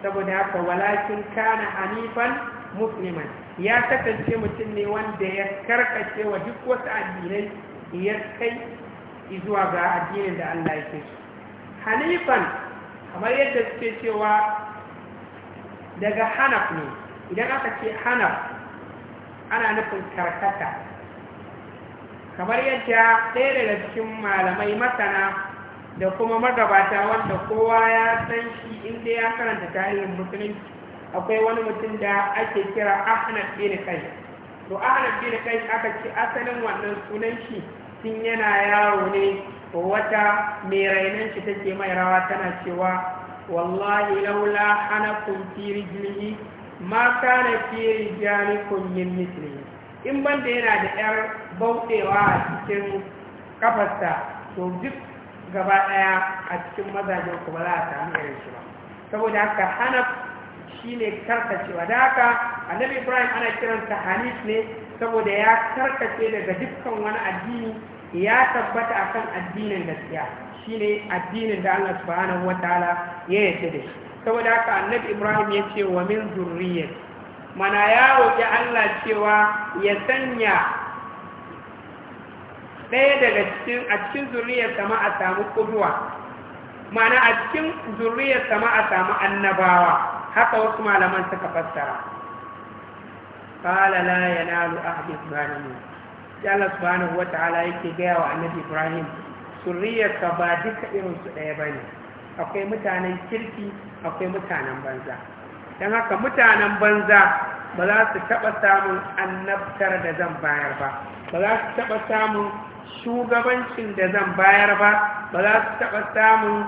saboda haka walakin kana hanifan musliman ya kasance mutum ne wanda ya karkace wa duk wasu addinai ya kai zuwa ga addinin da Allah ya so hanifan kamar yadda suke cewa daga hanaf ne idan aka ce hanaf ana nufin karkata kamar yadda ɗaya daga cikin malamai masana da kuma magabata wanda kowa ya san shi inda ya karanta tarihin musulunci akwai wani mutum da ake kira ahmad bin kai to ahmad bin kai aka ce asalin wannan sunan shi tun yana yaro ne wata mai rainan shi take mai rawa tana cewa wallahi laula kun fi rijlihi ma kana fi kun yin misli in ban da yana da yar bautewa a cikin kafasta, to duk gaba daya a cikin mazajen ku ba za a samu irin shi ba saboda haka hana shine karkacewa da haka annabi ibrahim ana kiransa hanif ne saboda ya karkace daga dukkan wani addini ya tabbata akan addinin gaskiya shine addinin da Allah subhanahu ta'ala ya yarda da shi saboda haka annabi ibrahim ya ce wa min zurriyyati mana ya roƙi Allah cewa ya sanya ɗaya daga cikin a cikin zurriyar sama a samu kuduwa mana a cikin zurriyar sama a samu annabawa haka wasu malaman suka fassara kala la yanalu ahdi ibrahim Allah subhanahu ta'ala yake gaya wa annabi ibrahim surriyarsa ba duka su ɗaya ba ne akwai mutanen kirki akwai mutanen banza don haka mutanen banza ba za su taɓa samun annabtar da zan bayar ba ba za su taɓa samun shugabancin da zan bayar ba ba za su taɓa samun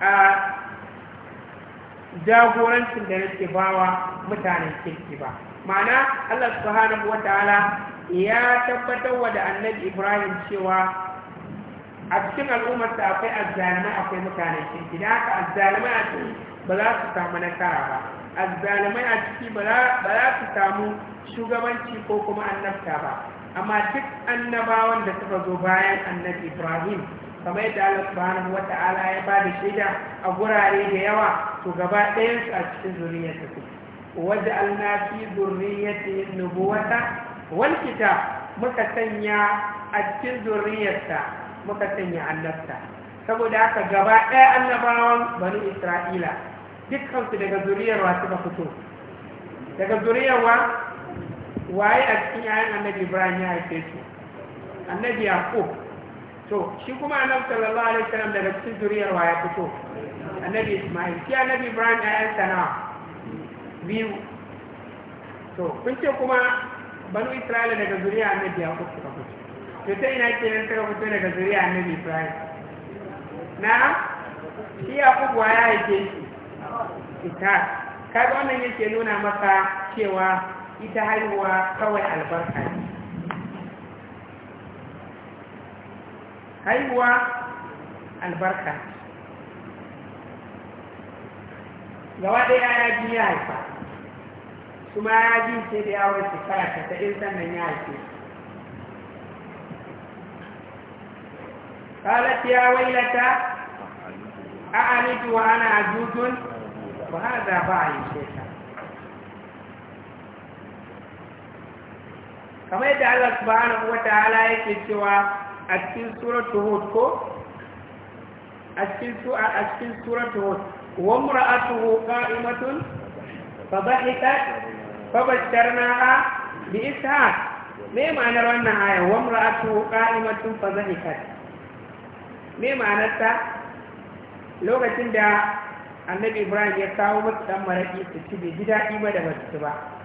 a jagorancin da nake bawa mutanen kirki ba ma'ana Allah subhanahu wataala ya tabbatar wa da annabi Ibrahim cewa a cikin al'ummarsa akwai azzalimai akwai mutanen kirki da haka azzalimai a ciki ba za su samu nasara ba azzalimai a ciki ba za su samu shugabanci ko kuma annabta ba amma duk annabawan da suka zo bayan annabi Ibrahim kamar yadda Allah subhanahu wa ta'ala ya ba da shida a gurare da yawa to gaba ɗaya su a cikin zuriyarsa ku wadda alna fi yin nubuwata wal muka sanya a cikin zuriyarsa muka sanya annabta saboda haka gaba ɗaya annabawan bani isra'ila dukkan su daga zuriyar wa suka fito daga zuriyar wa waye a cikin yayin annabi ibrahim ya haife su annabi yaqub to shi kuma annabi sallallahu alaihi wasallam daga cikin zuriyar waya ya fito annabi isma'il shi annabi ibrahim 'yan sana biyu to kun ce kuma banu isra'ila daga zuriyar annabi ya fito ka fito to ta ina ke yan suka fito daga zuriyar annabi ibrahim na shi ya waya ya ke shi ita kaga wannan yake nuna maka cewa ita haihuwa kawai albarka ne haihuwa albarka gaba ɗaya ya ji ya haifa kuma ya ji sai da yawon ta casa'in sannan ya haife قالت يا ويلتى أعلد ba a yi ce ta. kamar yadda Allah subhanahu wataala yake cewa a cikin suratu hud ko a cikin su'a a cikin suratu hud wa mar'atuhu qa'imatun fa dhahikat fa basharnaha bi isa. me ma'anar wannan aya wa mar'atuhu qa'imatun fa dhahikat me ma'anar ta lokacin da annabi ibrahim ya kawo musu ɗan maraki su ci bai ji daɗi ba da basu ba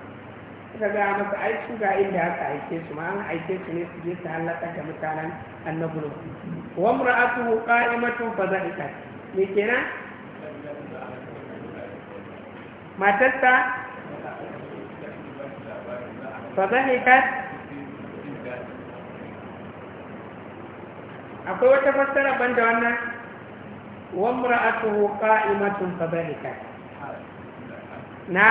suka ga masu ai ga inda aka aike su ma an aike su ne su je su halaka da mutanen annabi wa imra'atuhu qa'imatu fa za'ika me kenan matarsa fa za'ika akwai wata fassara banda wannan wa imra'atuhu qa'imatu fa za'ika na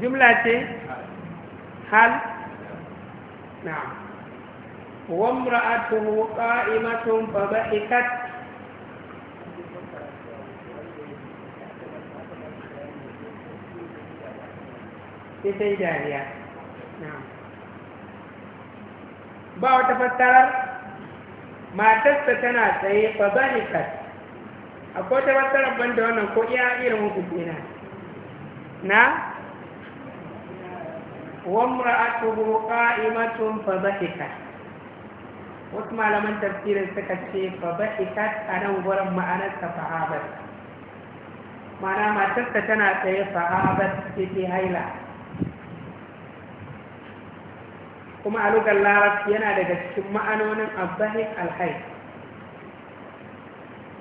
jumla ce hal Na. na'am wa imratun qa'imatun fa bahikat sai dariya na'am ba wata fassarar ta tana tsaye fa bahikat akwai ta fassarar banda wannan ko iya irin hukunci na na وامرأته قائمة فضحكت wasu malaman tafsirin suka ce fabahikat a nan gurin ma'anarsa fahabar mana matarsa tana tsaye fahabar take haila kuma a lugar larabci yana daga cikin ma'anonin abdahik alhai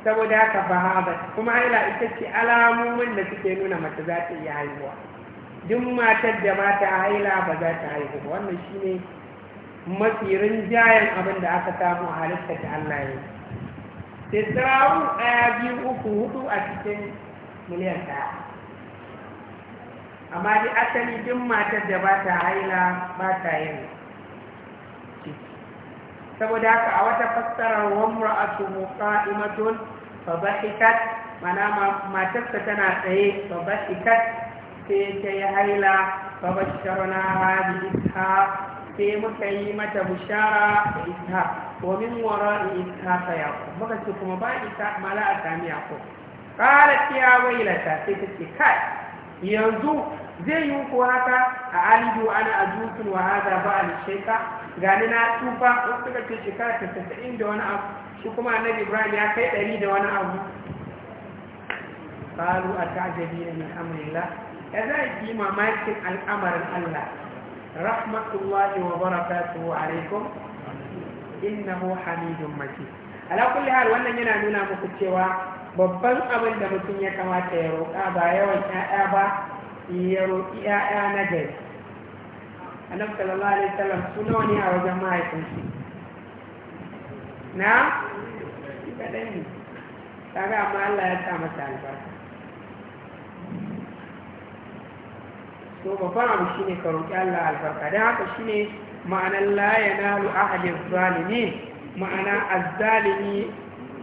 saboda haka fahabar kuma haila ita ce alamomin da suke nuna mace za ta iya haihuwa duk matar da mata haila ba za ta haihu ba wannan ne masirin rinjayen abin da aka samu a halitta da Allah ya yi Sai ɗaya biyu uku hudu a cikin miliyan ɗaya amma dai asali duk matar da ba ta haila ba ta yin saboda haka a wata fassarar wamra a tumuka imatun ikat, mana matarsa tana tsaye ikat. sai ta yi haila fa na bi isha sai muka yi mata bushara da isha wa min wara'i ishaq yaqub muka ce kuma ba ishaq mala a sami yaqub qalat ya wailata sai ta ce kai yanzu zai yi ko haka a Aliyu, ana ajusun wa hada ba al shaika gani na tufa wasu suka ce shekara ta tasa'in da wani abu shi kuma annabi ibrahim ya kai ɗari da wani abu قالوا أتعجبين من أمر الله da za a yi mamakin al'amarin Allah rahmatullahi wa barakatuhu alaikum innahu hamidun majid ala kulli hal wannan yana nuna muku cewa babban abin da mutum ya kamata ya roƙa ba yawan ƴaƴa ba ya roƙi ƴaƴa na gari annabi sallallahu alaihi wasallam su nawa ne a wajen mahaifinsu na kaɗan ne kaga amma Allah ya sa masa albarka to babban abu shine ka roƙi Allah albarka dan haka shine ma'anar la yanalu ahadin zalimin ma'ana azzalimi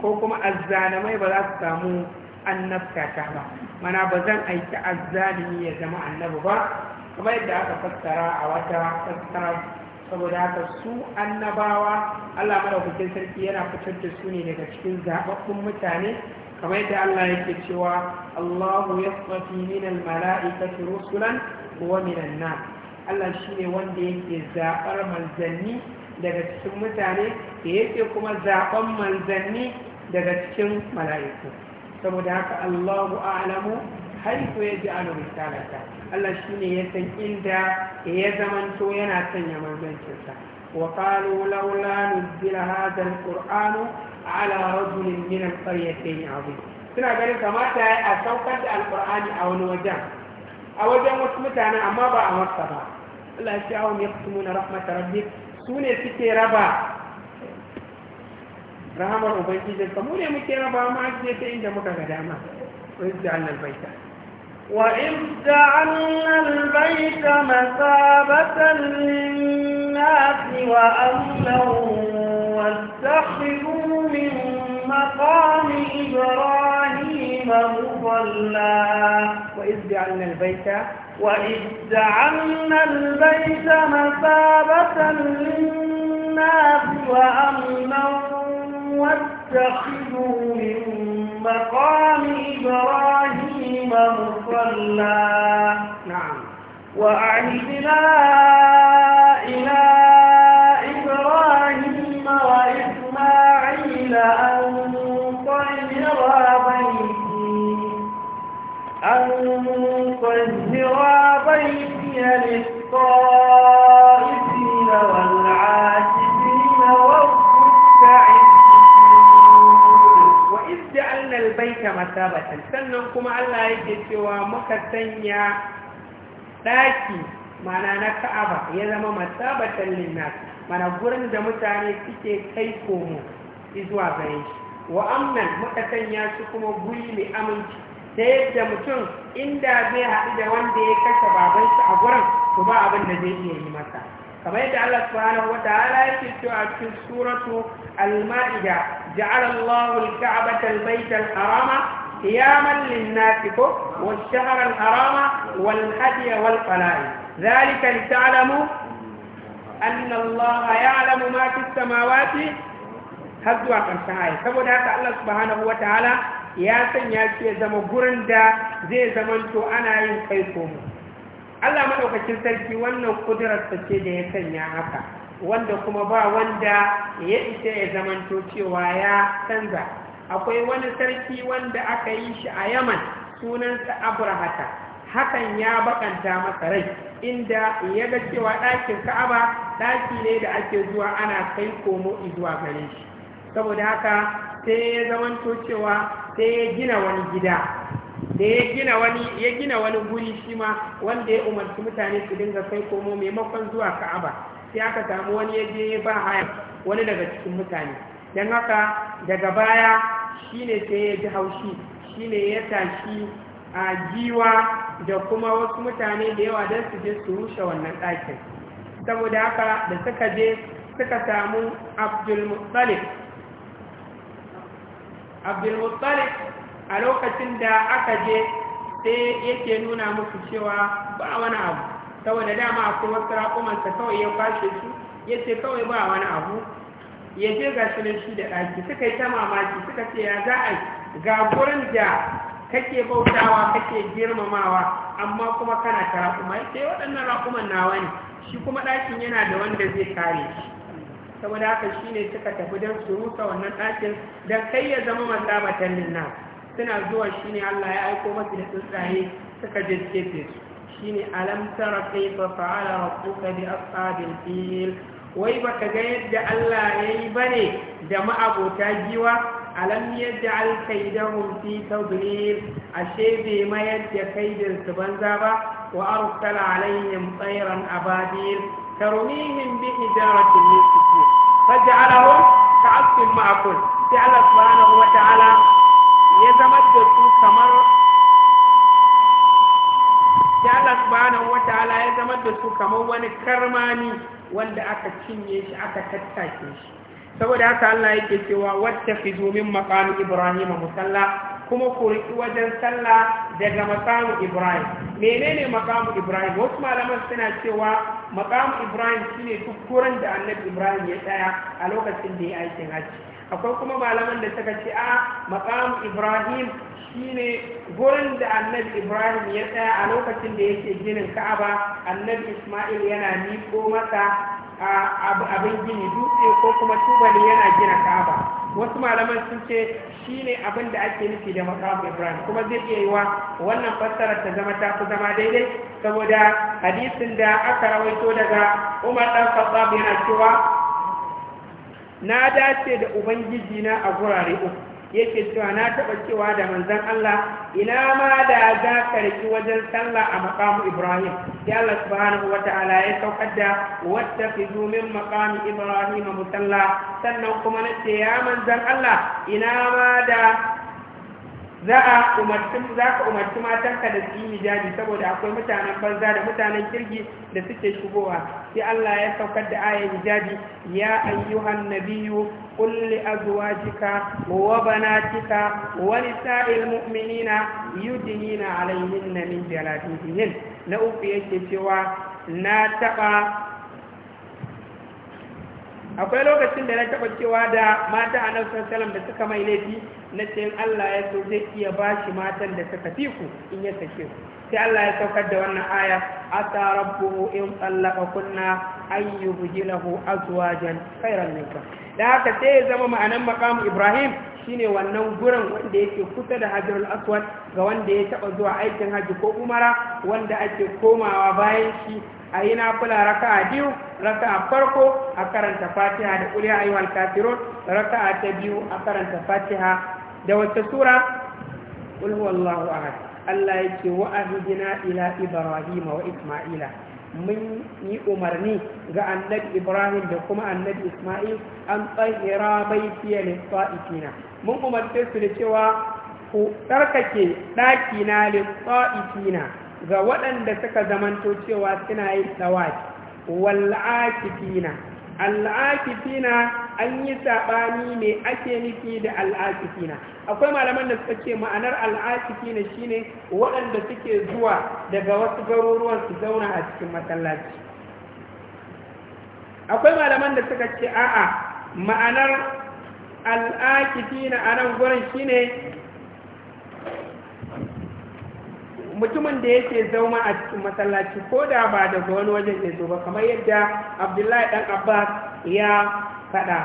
ko kuma azzalamai ba za su samu annabta ta ba mana ba zan aiki azzalimi ya zama annabi ba kamar yadda aka fassara a wata fassara saboda haka su annabawa Allah madaukakin sarki yana fitar da su ne daga cikin zaɓaɓɓun mutane kamar yadda Allah yake cewa Allahu yasfati min al-mala'ikati rusulan wa minan nan, Allah shi ne wanda yake zaɓar manzanni daga cikin mutane da yake kuma zaɓar manzanni daga cikin mala'iku saboda haka Allahu a'lamu haifu ya ji alu risalata Allah shi ne ya san inda ya zamanto yana sanya manzancinsa wa qalu laula nuzila hadha alqur'anu ala rajulin min alqaryatayn azim suna ganin kamata a saukar da alqur'ani a wani wajen a wajen wasu mutane amma ba a masa ba Allah ya ce awon ya kusumu na rahmatar rabbi su ne suke raba rahamar ubangijin ka mu ne muke raba ma ajiye ta inda muka ga dama wa iz ja'alna al-baita wa iz ja'alna al-baita masabatan lin-nasi wa amlan wastakhidhu min مقام إبراهيم مصلى وإذ جعلنا البيت وإذ جعلنا البيت مثابة للناس وأمنا واتخذوا من مقام إبراهيم مصلى نعم وأعهدنا إلى إبراهيم وإسماعيل أن أن طهر بيتي للطائفين والعاكفين والركع وإذ جعلنا ɗaki mana na ka'aba ya zama masabatan linnas mana gurin da mutane suke kai komo zuwa gare shi wa amnan muka sanya su kuma guri mai aminci ta yadda mutum inda zai haɗu da wanda ya kashe babansa a gurin ku ba abin da zai iya yi masa kamar yadda Allah subhanahu wa ta'ala yake cewa a cikin suratu al-ma'ida ja'ala Allahu al-ka'bata al-bayta al-harama qiyaman lin-nasi ko wash-shahra al-harama wal-hadiya wal-qala'i ذلك لتعلموا أن الله يعلم ما في السماوات هذا كان saboda Allah subhanahu wa ta'ala ya sanya shi ya zama gurin da zai zamanto ana yin kai komo Allah maɗaukacin sarki wannan ƙudurarsa ce da ya sanya haka wanda kuma ba wanda ya isa ya zamanto cewa ya canza akwai wani sarki wanda aka yi shi a yaman sunan sunansa abrahata hakan ya bakanta masa rai inda ya ga cewa ɗakin ka'aba ɗaki ne da ake zuwa ana kai komo zuwa gare shi saboda haka sai ya zamanto cewa sai ya gina wani gida da ya gina wani guri shi ma wanda ya umarci mutane su dinga kai komo maimakon zuwa ka'aba sai aka samu wani ya je ba haya wani daga cikin mutane don haka daga baya shi ne sai ya ji haushi shi ne ya tashi a giwa da kuma wasu mutane da yawa don su je su rushe wannan ɗakin saboda haka da suka je suka samu abdulmuttalib abdulmuttalib a lokacin da aka je sai yake nuna musu cewa ba wani abu saboda dama akwai wasu raƙumansa kawai ya kwashe su ya ce kawai ba wani abu ya je ga shi shi da ɗaki suka yi ta mamaki suka ce ya za a ga gurin da kake bautawa kake girmamawa amma kuma kana ta raƙuma ya ce eh, waɗannan raƙuman nawa ne shi kuma ɗakin yana da wanda zai kare shi saboda haka ne suka tafi don su rusa wannan ɗakin don kai ya zama mazabatan linna suna zuwa ne Allah ya aiko masu da tsuntsaye suka jajjefe su shine alam tara kaifa fa'ala rabbuka bi asabin fil wai baka ga yadda Allah ya ba ne, da ma'abota giwa alam da kaidahum fi tadlil ashe bai mayar da kai su banza ba wa arsala alaihim tsairan ababil tarmihim bi hijaratin min faj'alahum ka'asfin ma'kul sai Allah subhanahu wa ta'ala ya zama da su kamar subhanahu wa ta'ala ya zama da su kamar wani karmani wanda aka cinye shi aka tattake shi saboda haka Allah yake cewa wata fi domin ibrahima Ibrahim musalla kuma ku wajen sallah daga makamu ibrahim menene makamu ibrahim wasu malaman suna cewa makamu ibrahim shine duk da annabi ibrahim ya tsaya a lokacin da ya aikin hajji akwai kuma malaman da suka ce a makamu ibrahim shine gurin da annabi ibrahim ya tsaya a lokacin da yake ginin ka'aba annabi isma'il yana miƙo masa abin gini dutse ko kuma tubali yana gina ka'aba wasu malaman sun ce shi ne abin da ake nufi da makamu ibrahim kuma zai iya yi wa wannan fassarar ta zama ta fi zama daidai saboda hadisin da aka rawaito daga umar ɗan khattab yana cewa na dace da ubangijina a gurare uku yake cewa na taɓa cewa da manzan Allah ina ma da za ka wajen sallah a makamu Ibrahim sai Allah subhanahu wa ta'ala ya saukar da wata fi min makamu Ibrahim musalla sannan kuma na ce ya manzan Allah ina ma da za a umarci za ka umarci matanka da su yi mijabi saboda akwai mutanen banza da mutanen kirgi da suke shigowa sai Allah ya saukar da ayar mijaji ya ayyuhan nabiyyu qul li azwajika wa banatika wa nisa'il mu'minina yudnina alayhinna min jalabibihin na uku yake cewa na taba akwai lokacin da na taɓa cewa da mata a nan salam da suka mai laifi na ce Allah ya so zai iya ba shi matan da suka fi ku in ya sake ku sai Allah ya saukar da wannan aya asa rabbuhu in tsallaka kunna an yi zuwa jan kairan nika da haka sai ya zama ma'anan makamu Ibrahim shine wannan gurin wanda yake kusa da Hajarul Aswad ga wanda ya taɓa zuwa aikin hajji ko umara wanda ake komawa bayan shi a yi raka a biyu raka a farko a karanta fatiha da kuliya walkafirun raka a ta biyu a karanta fatiha da wata sura qul a haka Allah yake wa ahidina ila ibrahim wa isma'ila mun yi umarni ga annabi ibrahim da kuma annabi isma'il an tsahira fiye lis-sa'ifina mun umarce su da cewa ku tsarkake ɗakina da saifina ga waɗanda suka zamanto cewa suna yi tsawaki wal'akifina al'akifina an yi saɓani ne ake nufi da al'akifina akwai malaman da suka ce ma'anar al'akifina shine waɗanda suke zuwa daga wasu garuruwan su zauna a cikin masallaci akwai malaman da suka ce a'a ma'anar al'akifina a nan gurin shine mutumin da yake zauma a cikin masallaci ko da ba da wani wajen ya zo ba kamar yadda abdullahi dan abbas ya faɗa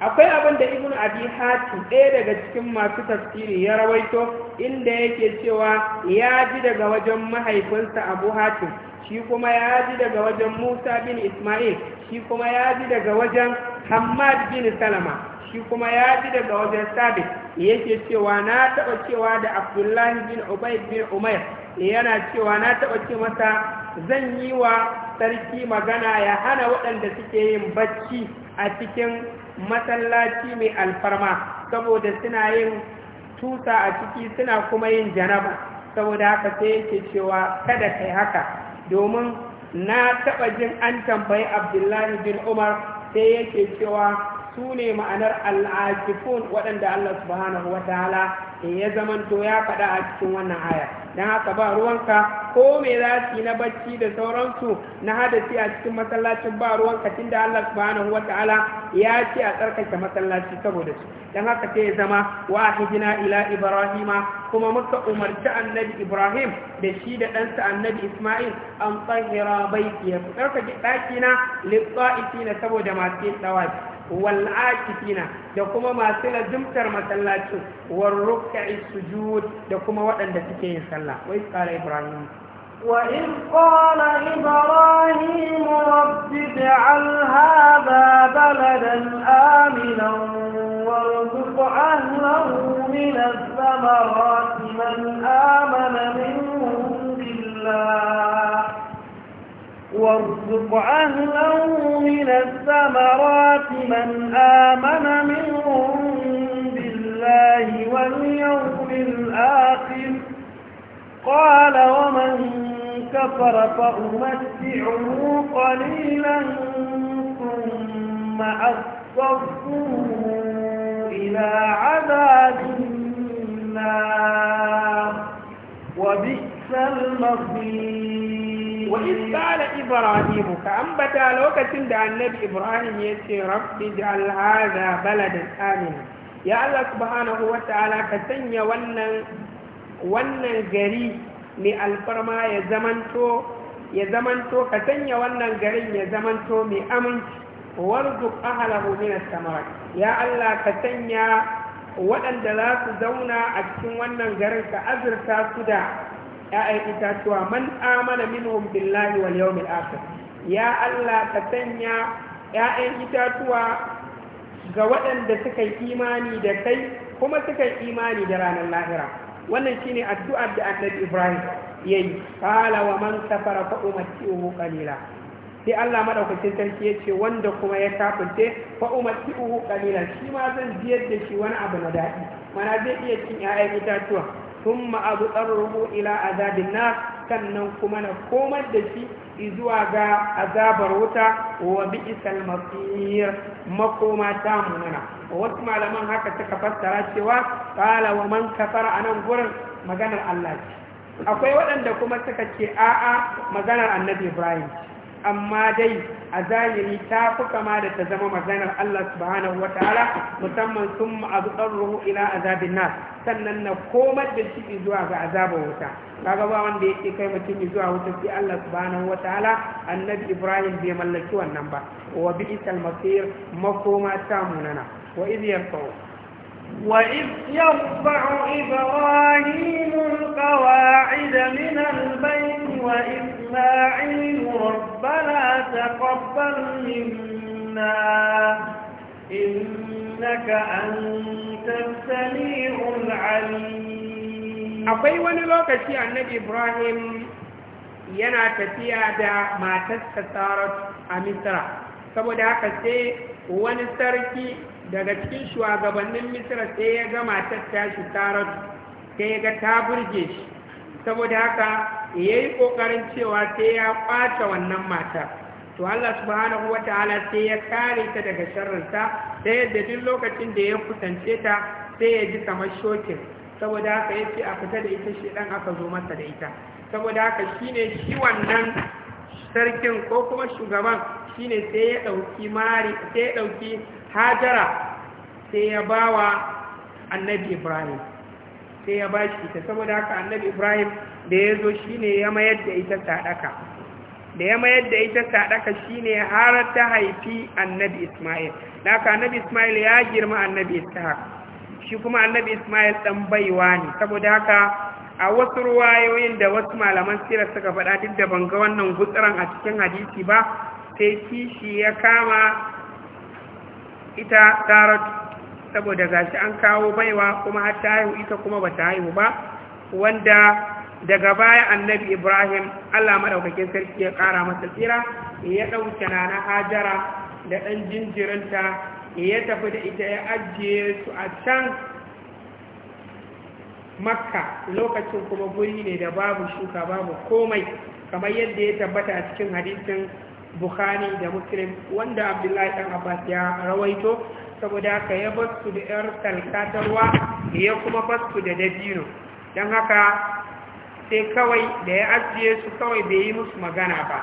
akwai abin da ibn abi hatim ɗaya daga cikin masu tafsiri ya rawaito inda yake cewa ya ji daga wajen mahaifinsa abu hatim shi kuma ya ji daga wajen musa bin ismail shi kuma ya ji daga wajen hamad bin salama shi kuma ya ji daga wajen sabit yake cewa na taɓa cewa da abdullahi bin ubay bin umar yana cewa na taɓa ce masa zan yi wa sarki magana ya hana waɗanda suke yin bacci a cikin masallaci mai alfarma saboda suna yin tusa a ciki suna kuma yin janaba saboda haka sai yake cewa kada kai haka domin na taɓa jin an tambayi abdullahi bin umar sai yake cewa su ne ma'anar al'akifun waɗanda Allah subhanahu wa ta'ala ya zamanto ya faɗa a cikin wannan aya don haka ba ruwanka ko me za su yi na bacci da sauransu na hadasi a cikin masallacin ba ruwanka tun da Allah subhanahu wa ta'ala ya ce a tsarkake masallaci saboda su don haka sai ya zama wa hijina ila ibrahima kuma muka umarci annabi ibrahim da shi da ɗansa annabi isma'il an tsahira baiti ya tsarkake ɗakina litsa'ifina saboda masu yin tsawaki. wal akifina da kuma masu lazimtar masallacin war ruk'i sujud da kuma waɗanda suke yin sallah wai qala ibrahim وإذ قال إبراهيم رب اجعل هذا بلدا آمنا وارزق أهله من الثمرات من آمن منهم بالله وارزق أهله من الثمرات من آمن منهم بالله واليوم الآخر قال ومن كفر فأمتعه قليلا ثم أصفه إلى عذاب النار وبئس المصير وإذ قال إبراهيم كأنبت لوكة دع النبي إبراهيم يتي رب اجعل هذا بلدا آمنا يا الله سبحانه وتعالى كسنيا ونن ونن غري mai alfarma ya zamanto ya ka sanya wannan garin ya zamanto mai aminci warzuq ahlahu ya Allah ka sanya waɗanda za su zauna a cikin wannan garin ka azurta su da ‘ya'yan itatuwa man amana minhum billahi wal yawmil akhir ya Allah ka sanya ‘ya'yan itatuwa ga waɗanda suka yi imani da kai kuma suka yi imani da ranar lahira wannan shine addu'ar da annabi Ibrahim yayi qala wa man kafara fa qalila sai Allah madaukakin sarki ya ce wanda kuma ya kafirce fa umatti'uhu qalila shi ma zan biyar da shi wani abu na daɗi mana zai iya cin 'ya'yan itatuwa thumma adqarruhu ila azabin nar sannan kuma na komar da shi zuwa ga azabar wuta wa bi'sal masir makoma ta munana wasu malaman haka suka fassara cewa qala wa man kafara anan gurin maganar Allah ce akwai waɗanda kuma suka ce a'a maganar Annabi Ibrahim amma dai a zahiri ta fi kama da ta zama maganar Allah subhanahu wa ta'ala musamman sun ma'azuɗar ruhu ila azabin nas sannan na komar da shi zuwa ga azabar wuta kaga ba wanda yake kai mutum zuwa wuta sai Allah subhanahu wa ta'ala annabi Ibrahim bai mallaki wannan ba wa bi'sal masir makoma ta munana wa ya idh yarfa'u وإذ يرفع إبراهيم القواعد من البيت وإذ إسماعيل ربنا تقبل منا إنك أنت السميع العليم أقوي ونلوكتي النبي إبراهيم yana tafiya da matarsa Saratu a Misra saboda haka sai wani sarki daga cikin shugabannin Misra sai ya ga matar tashi Saratu sai ya ga ta burge shi saboda haka ya yi ƙoƙarin cewa sai ya ƙwace wannan mata to Allah subhanahu wa ta'ala sai ya kare ta daga sharrinta ta yadda duk lokacin da ya kusance ta sai ya ji kamar shokin saboda haka ya ce a fita da ita shi ɗan aka zo masa da ita saboda haka shi ne shi wannan sarkin ko kuma shugaban shi ne sai ya ɗauki hajara sai ya ba wa annabi ibrahim sai ya bashi ita saboda haka annabi ibrahim da ya zo shi ya mayar da ita sadaka da ya mayar da ita sadaka shi ne har ta haifi annabi ismail da haka annabi ismail ya girma annabi ishaq shi kuma annabi ismail dan baiwa ne saboda haka a wasu ruwayoyin da wasu malaman sira suka faɗa duk da ban ga wannan gutsuran a cikin hadisi ba sai kishi ya kama ita taratu saboda gashi an kawo baiwa kuma har ta haihu ita kuma ba ta haihu ba wanda daga baya annabi ibrahim allah maɗaukakin sarki ya ƙara masa tsira ya ɗauke na na hajara da ɗan jinjirinta ya tafi da ita ya ajiye su a can makka lokacin kuma guri ne da babu shuka babu komai kamar yadda ya tabbata a cikin hadisin bukhari da muslim wanda abdullahi ɗan abbas ya rawaito saboda haka ya basu da ‘yar kalkatarwa ya kuma basu da dabino don haka sai kawai da ya ajiye su kawai bai yi musu magana ba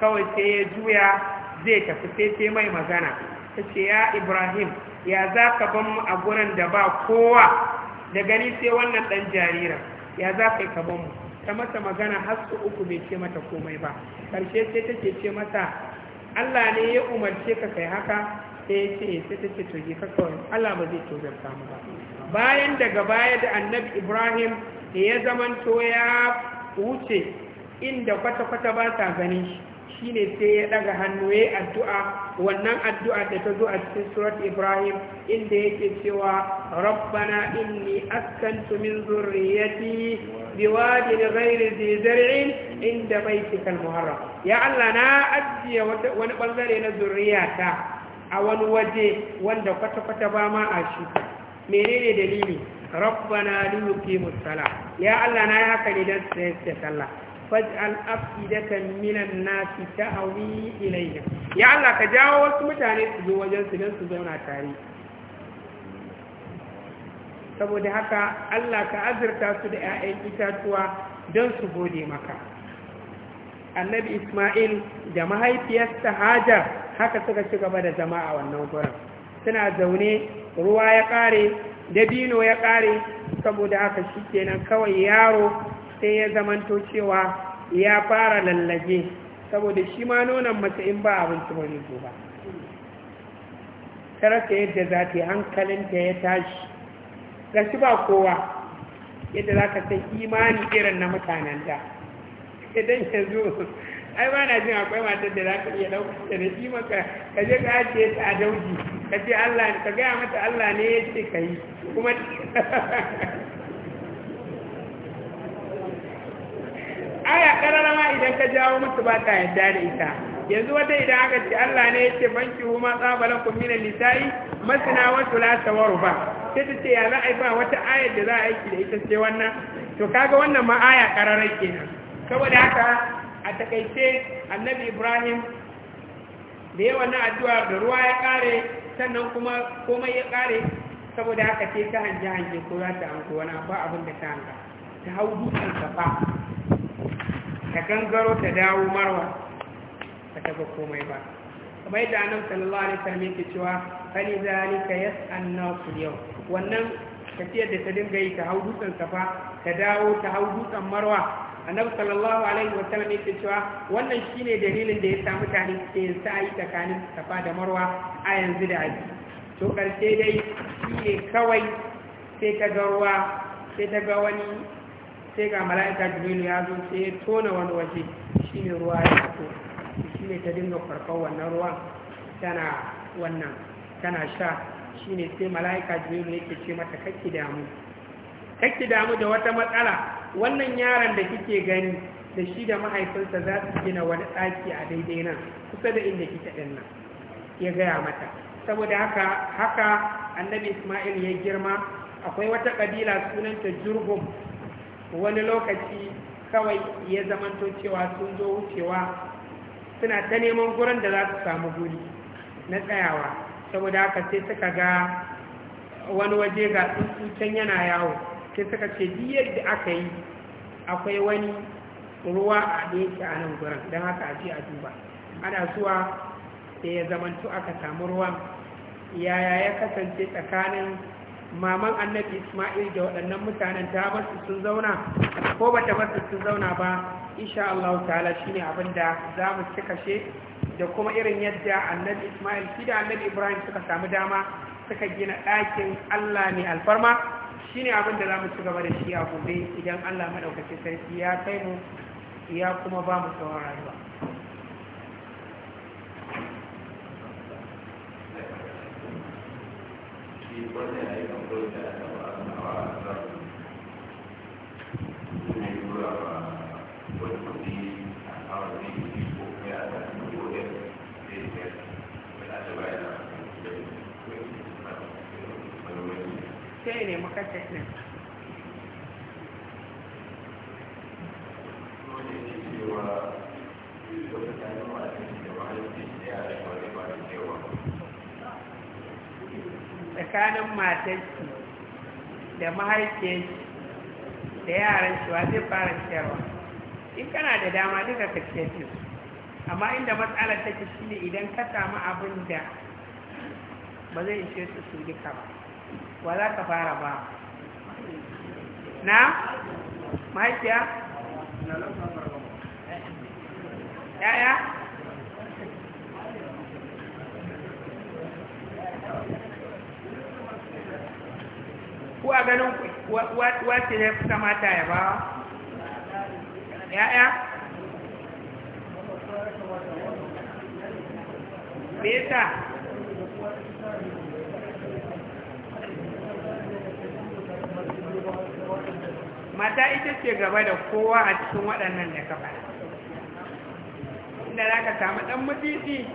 kawai sai ya juya zai tafi sai sai mai magana ta ce ya ibrahim ya za ka ban mu a gurin da ba kowa da gani sai wannan ɗan jariran ya za ka yi ka ban mu ta mata magana har uku bai ce mata komai ba ƙarshe sai take ce mata Allah ne ya umarce ka kai haka sai ce sai ta ce to yi ka kawai Allah ba zai tozarta mu ba bayan daga baya da annabi Ibrahim ya zamanto ya wuce inda kwata-kwata ba ta ganin shi ne sai ya daga hannu ya addu'a wannan addu'a da ta zo a cikin surat Ibrahim inda yake cewa rabbana inni askantu min zurriyyati biwadin ghairi dhi zar'in inda baitikal muharram ya Allah na ajiye wani ɓangare na zurriyata a wani waje wanda kwata-kwata ba ma a shi menene dalili rabbana liyuqimus sala ya Allah na yi haka ne dan tsayar sallah faj'al afidatan minan nasi tahwi ilayhim ya Allah ka jawo wasu mutane su zo wajen su dan su zauna tare saboda haka Allah ka azurta su da 'ya'yan itatuwa don su gode maka annabi Ismail da mahaifiyarsa Hajar haka suka ci gaba da zama a wannan gurin suna zaune ruwa ya kare dabino ya kare saboda haka shikenan kawai yaro sai ya zamanto cewa ya fara lallage saboda shi ma nonon mace in ba abinci ba ne ba ta rasa yadda za ta yi hankalinta ya tashi ga shi ba kowa yadda za ka san imani irin na mutanen da idan ya zo ai ba na jin akwai matar da za ka iya ɗaukar da ji maka ka je ka ajiye ta a dauji ka ce Allah ka gaya mata Allah ne ya ce ka yi kuma A aya kararama idan ka jawo musu ba ta yadda da ita yanzu wata idan aka ce Allah ne ya ce banki huma tsabalan kun minan nisa'i masana wasu waru ba sai ta ce ya za a yi ba wata ayar da za a aiki da ita sai wannan to kaga wannan ma aya ƙararra kenan saboda haka a takaice annabi ibrahim da yawa na addu'a da ruwa ya kare sannan kuma komai ya ƙare, saboda haka ce ta hanje hanje ko za ta hanku wani ba abin da ta hanga ta hau dutsen safa ta gangaro ta dawo marwa ta ga komai ba kamar yadda annabi sallallahu alaihi wasallam yake cewa fali zalika yas'an nasu yau wannan tafiyar da ta dinga yi ta hau dutsen safa ta dawo ta hau dutsen marwa annabi sallallahu alaihi wa sallam yake cewa wannan shine dalilin da ya sa mutane ke yin sa'ayi tsakanin safa da marwa a yanzu da aji to karshe dai shine kawai sai ta ga ruwa sai ta ga wani sai ga mala'ika jibrilu ya zo sai ya tona wani waje shine ruwa ya fito shine ta dinga farkon wannan ruwan tana wannan tana sha shine sai mala'ika jibril yake ce mata kakki damu kakki damu da wata matsala wannan yaron da kike gani da shi da mahaifinsa za su gina wani tsaki a daidai nan kusa da inda kika ɗin nan ya gaya mata saboda haka haka annabi isma'il ya girma akwai wata ƙabila sunanta jurgum wani lokaci kawai ya zamanto cewa sun zo wucewa suna ta neman gurin da za su samu guri na tsayawa saboda haka sai suka ga wani waje ga tsuntsucen yana yawo sai suka ce duk da aka yi akwai wani ruwa a ɗaya a nan gurin don haka a ce a duba ana zuwa da ya zamantu aka samu ruwan yaya ya kasance tsakanin maman annabi ismail da waɗannan mutanen ta basu sun zauna ko ba ta basu sun zauna ba insha Allah ta'ala shine abinda za mu cika kashe da kuma irin yadda annabi Ismail shi da annabi Ibrahim suka samu dama suka gina ɗakin Allah ne alfarma ne abin da mu ci gaba da shi a gobe idan Allah maɗaukaci sarki ya kai mu ya kuma ba mu tsawon rayuwa sai ne maka tafi tsakanin da mahaifiyarki da yaran zai fara shiyarwa in kana da dama duka ka ciyar amma inda matsalar take ne idan ka samu abin da ba zai ishe su su duka ba Wala za ka fara ba na mahaifiya ya'ya ku a ganin wace ya fi kamata ya ba ya'ya me yasa mata ita ce gaba da kowa a cikin waɗannan da kafa inda za ka samu ɗan mutisi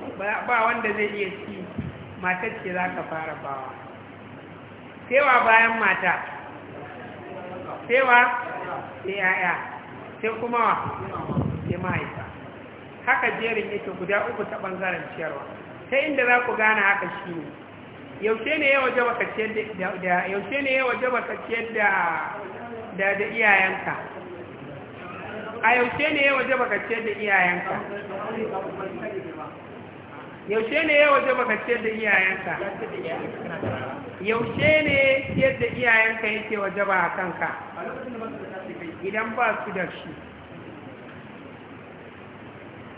ba wanda zai iya ci matar ce za ka fara bawa sewa bayan mata sewa sai yaya sai kuma wa sai mahaifa haka jerin yake guda uku ta ɓangaren ciyarwa ta inda za ku gane haka shi ne yaushe ne ya waje baka ciyar da da da iyayenka a yaushe ne ya waje baka ce da iyayenka yaushe ne ya waje baka ce da iyayenka yaushe ne yadda iyayenka yake waje ba a kanka idan ba su da shi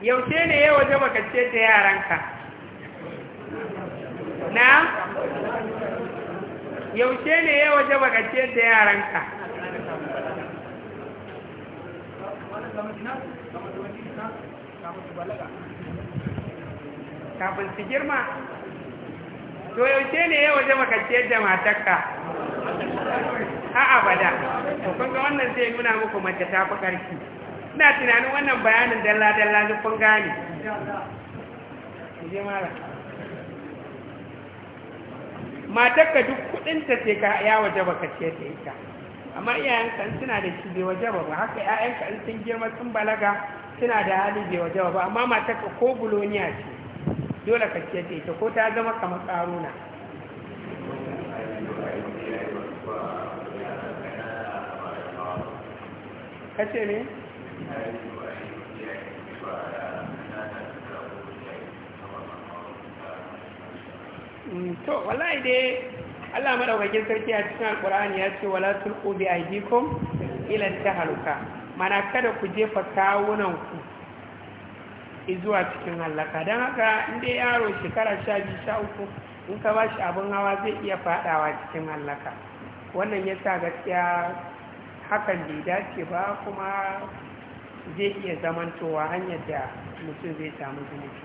yaushe ne ya waje baka ce da yaranka na yaushe ne ya waje baka ce da yaranka kafin su girma to yaushe ne ya waje makance da matakka a abada to kun ga wannan zai nuna muku mace ta fi ƙarfi ina tunanin wannan bayanin dalla-dalla zufin gani matakka duk kudinta sai ka ya waje baka ce ta ita amma iyayenka in suna da shi bai waje ba haka iyayenka in sun girma sun balaga suna da hali bai waje ba amma ka ko buloniya ce dole ka ce ta ko ta zama kamar tsaruna kace ne mm, to wallahi dai Allah madaukakin sarki a cikin alkur'ani ya ce wala tulqu bi aydikum ila tahluka mana kada ku jefa kawunan ku zuwa cikin halaka dan haka inda yaro shekara 12 in ka bashi shi abin hawa zai iya fadawa cikin halaka wannan yasa gaskiya hakan bai dace ba kuma zai iya zamantowa hanyar da mutum zai samu zunubi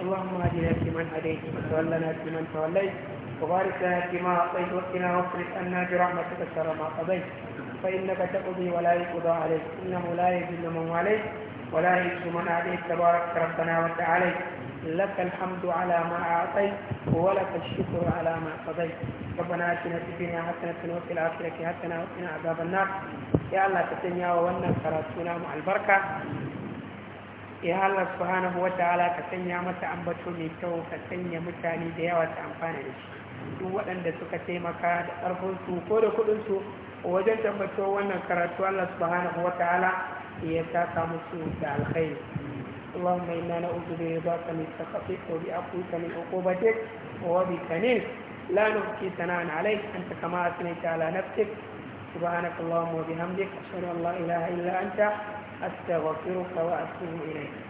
اللهم اهدنا فيمن هديت وتولنا فيمن توليت وبارك لنا فيما أعطيت وقتنا واصرف عنا برحمتك شر ما قضيت فإنك تقضي ولا يقضى عليك إنه لا يذل من عليك ولا يذل من عليك تبارك ربنا وتعالى لك الحمد على ما أعطيت ولك الشكر على ما قضيت ربنا آتنا في الدنيا حسنة وفي الآخرة حسنة وقنا عذاب النار يا الله تتنيا وولنا كراتنا مع البركة يا الله سبحانه وتعالى كتنيا متى أنبتوا من ambato mai kyau ka duk waɗanda suka taimaka da ƙarfinsu ko da kuɗinsu wajen tabbatar wannan karatu Allah subhanahu wa ta'ala ya saka musu da alkhairi اللهم إنا نعوذ برضاك من سخطك وبعفوك من عقوبتك وبك منك لا نبكي ثناء عليك أنت كما أثنيت على نفسك سبحانك اللهم وبحمدك أشهد أن لا إله إلا أنت أستغفرك وأتوب إليك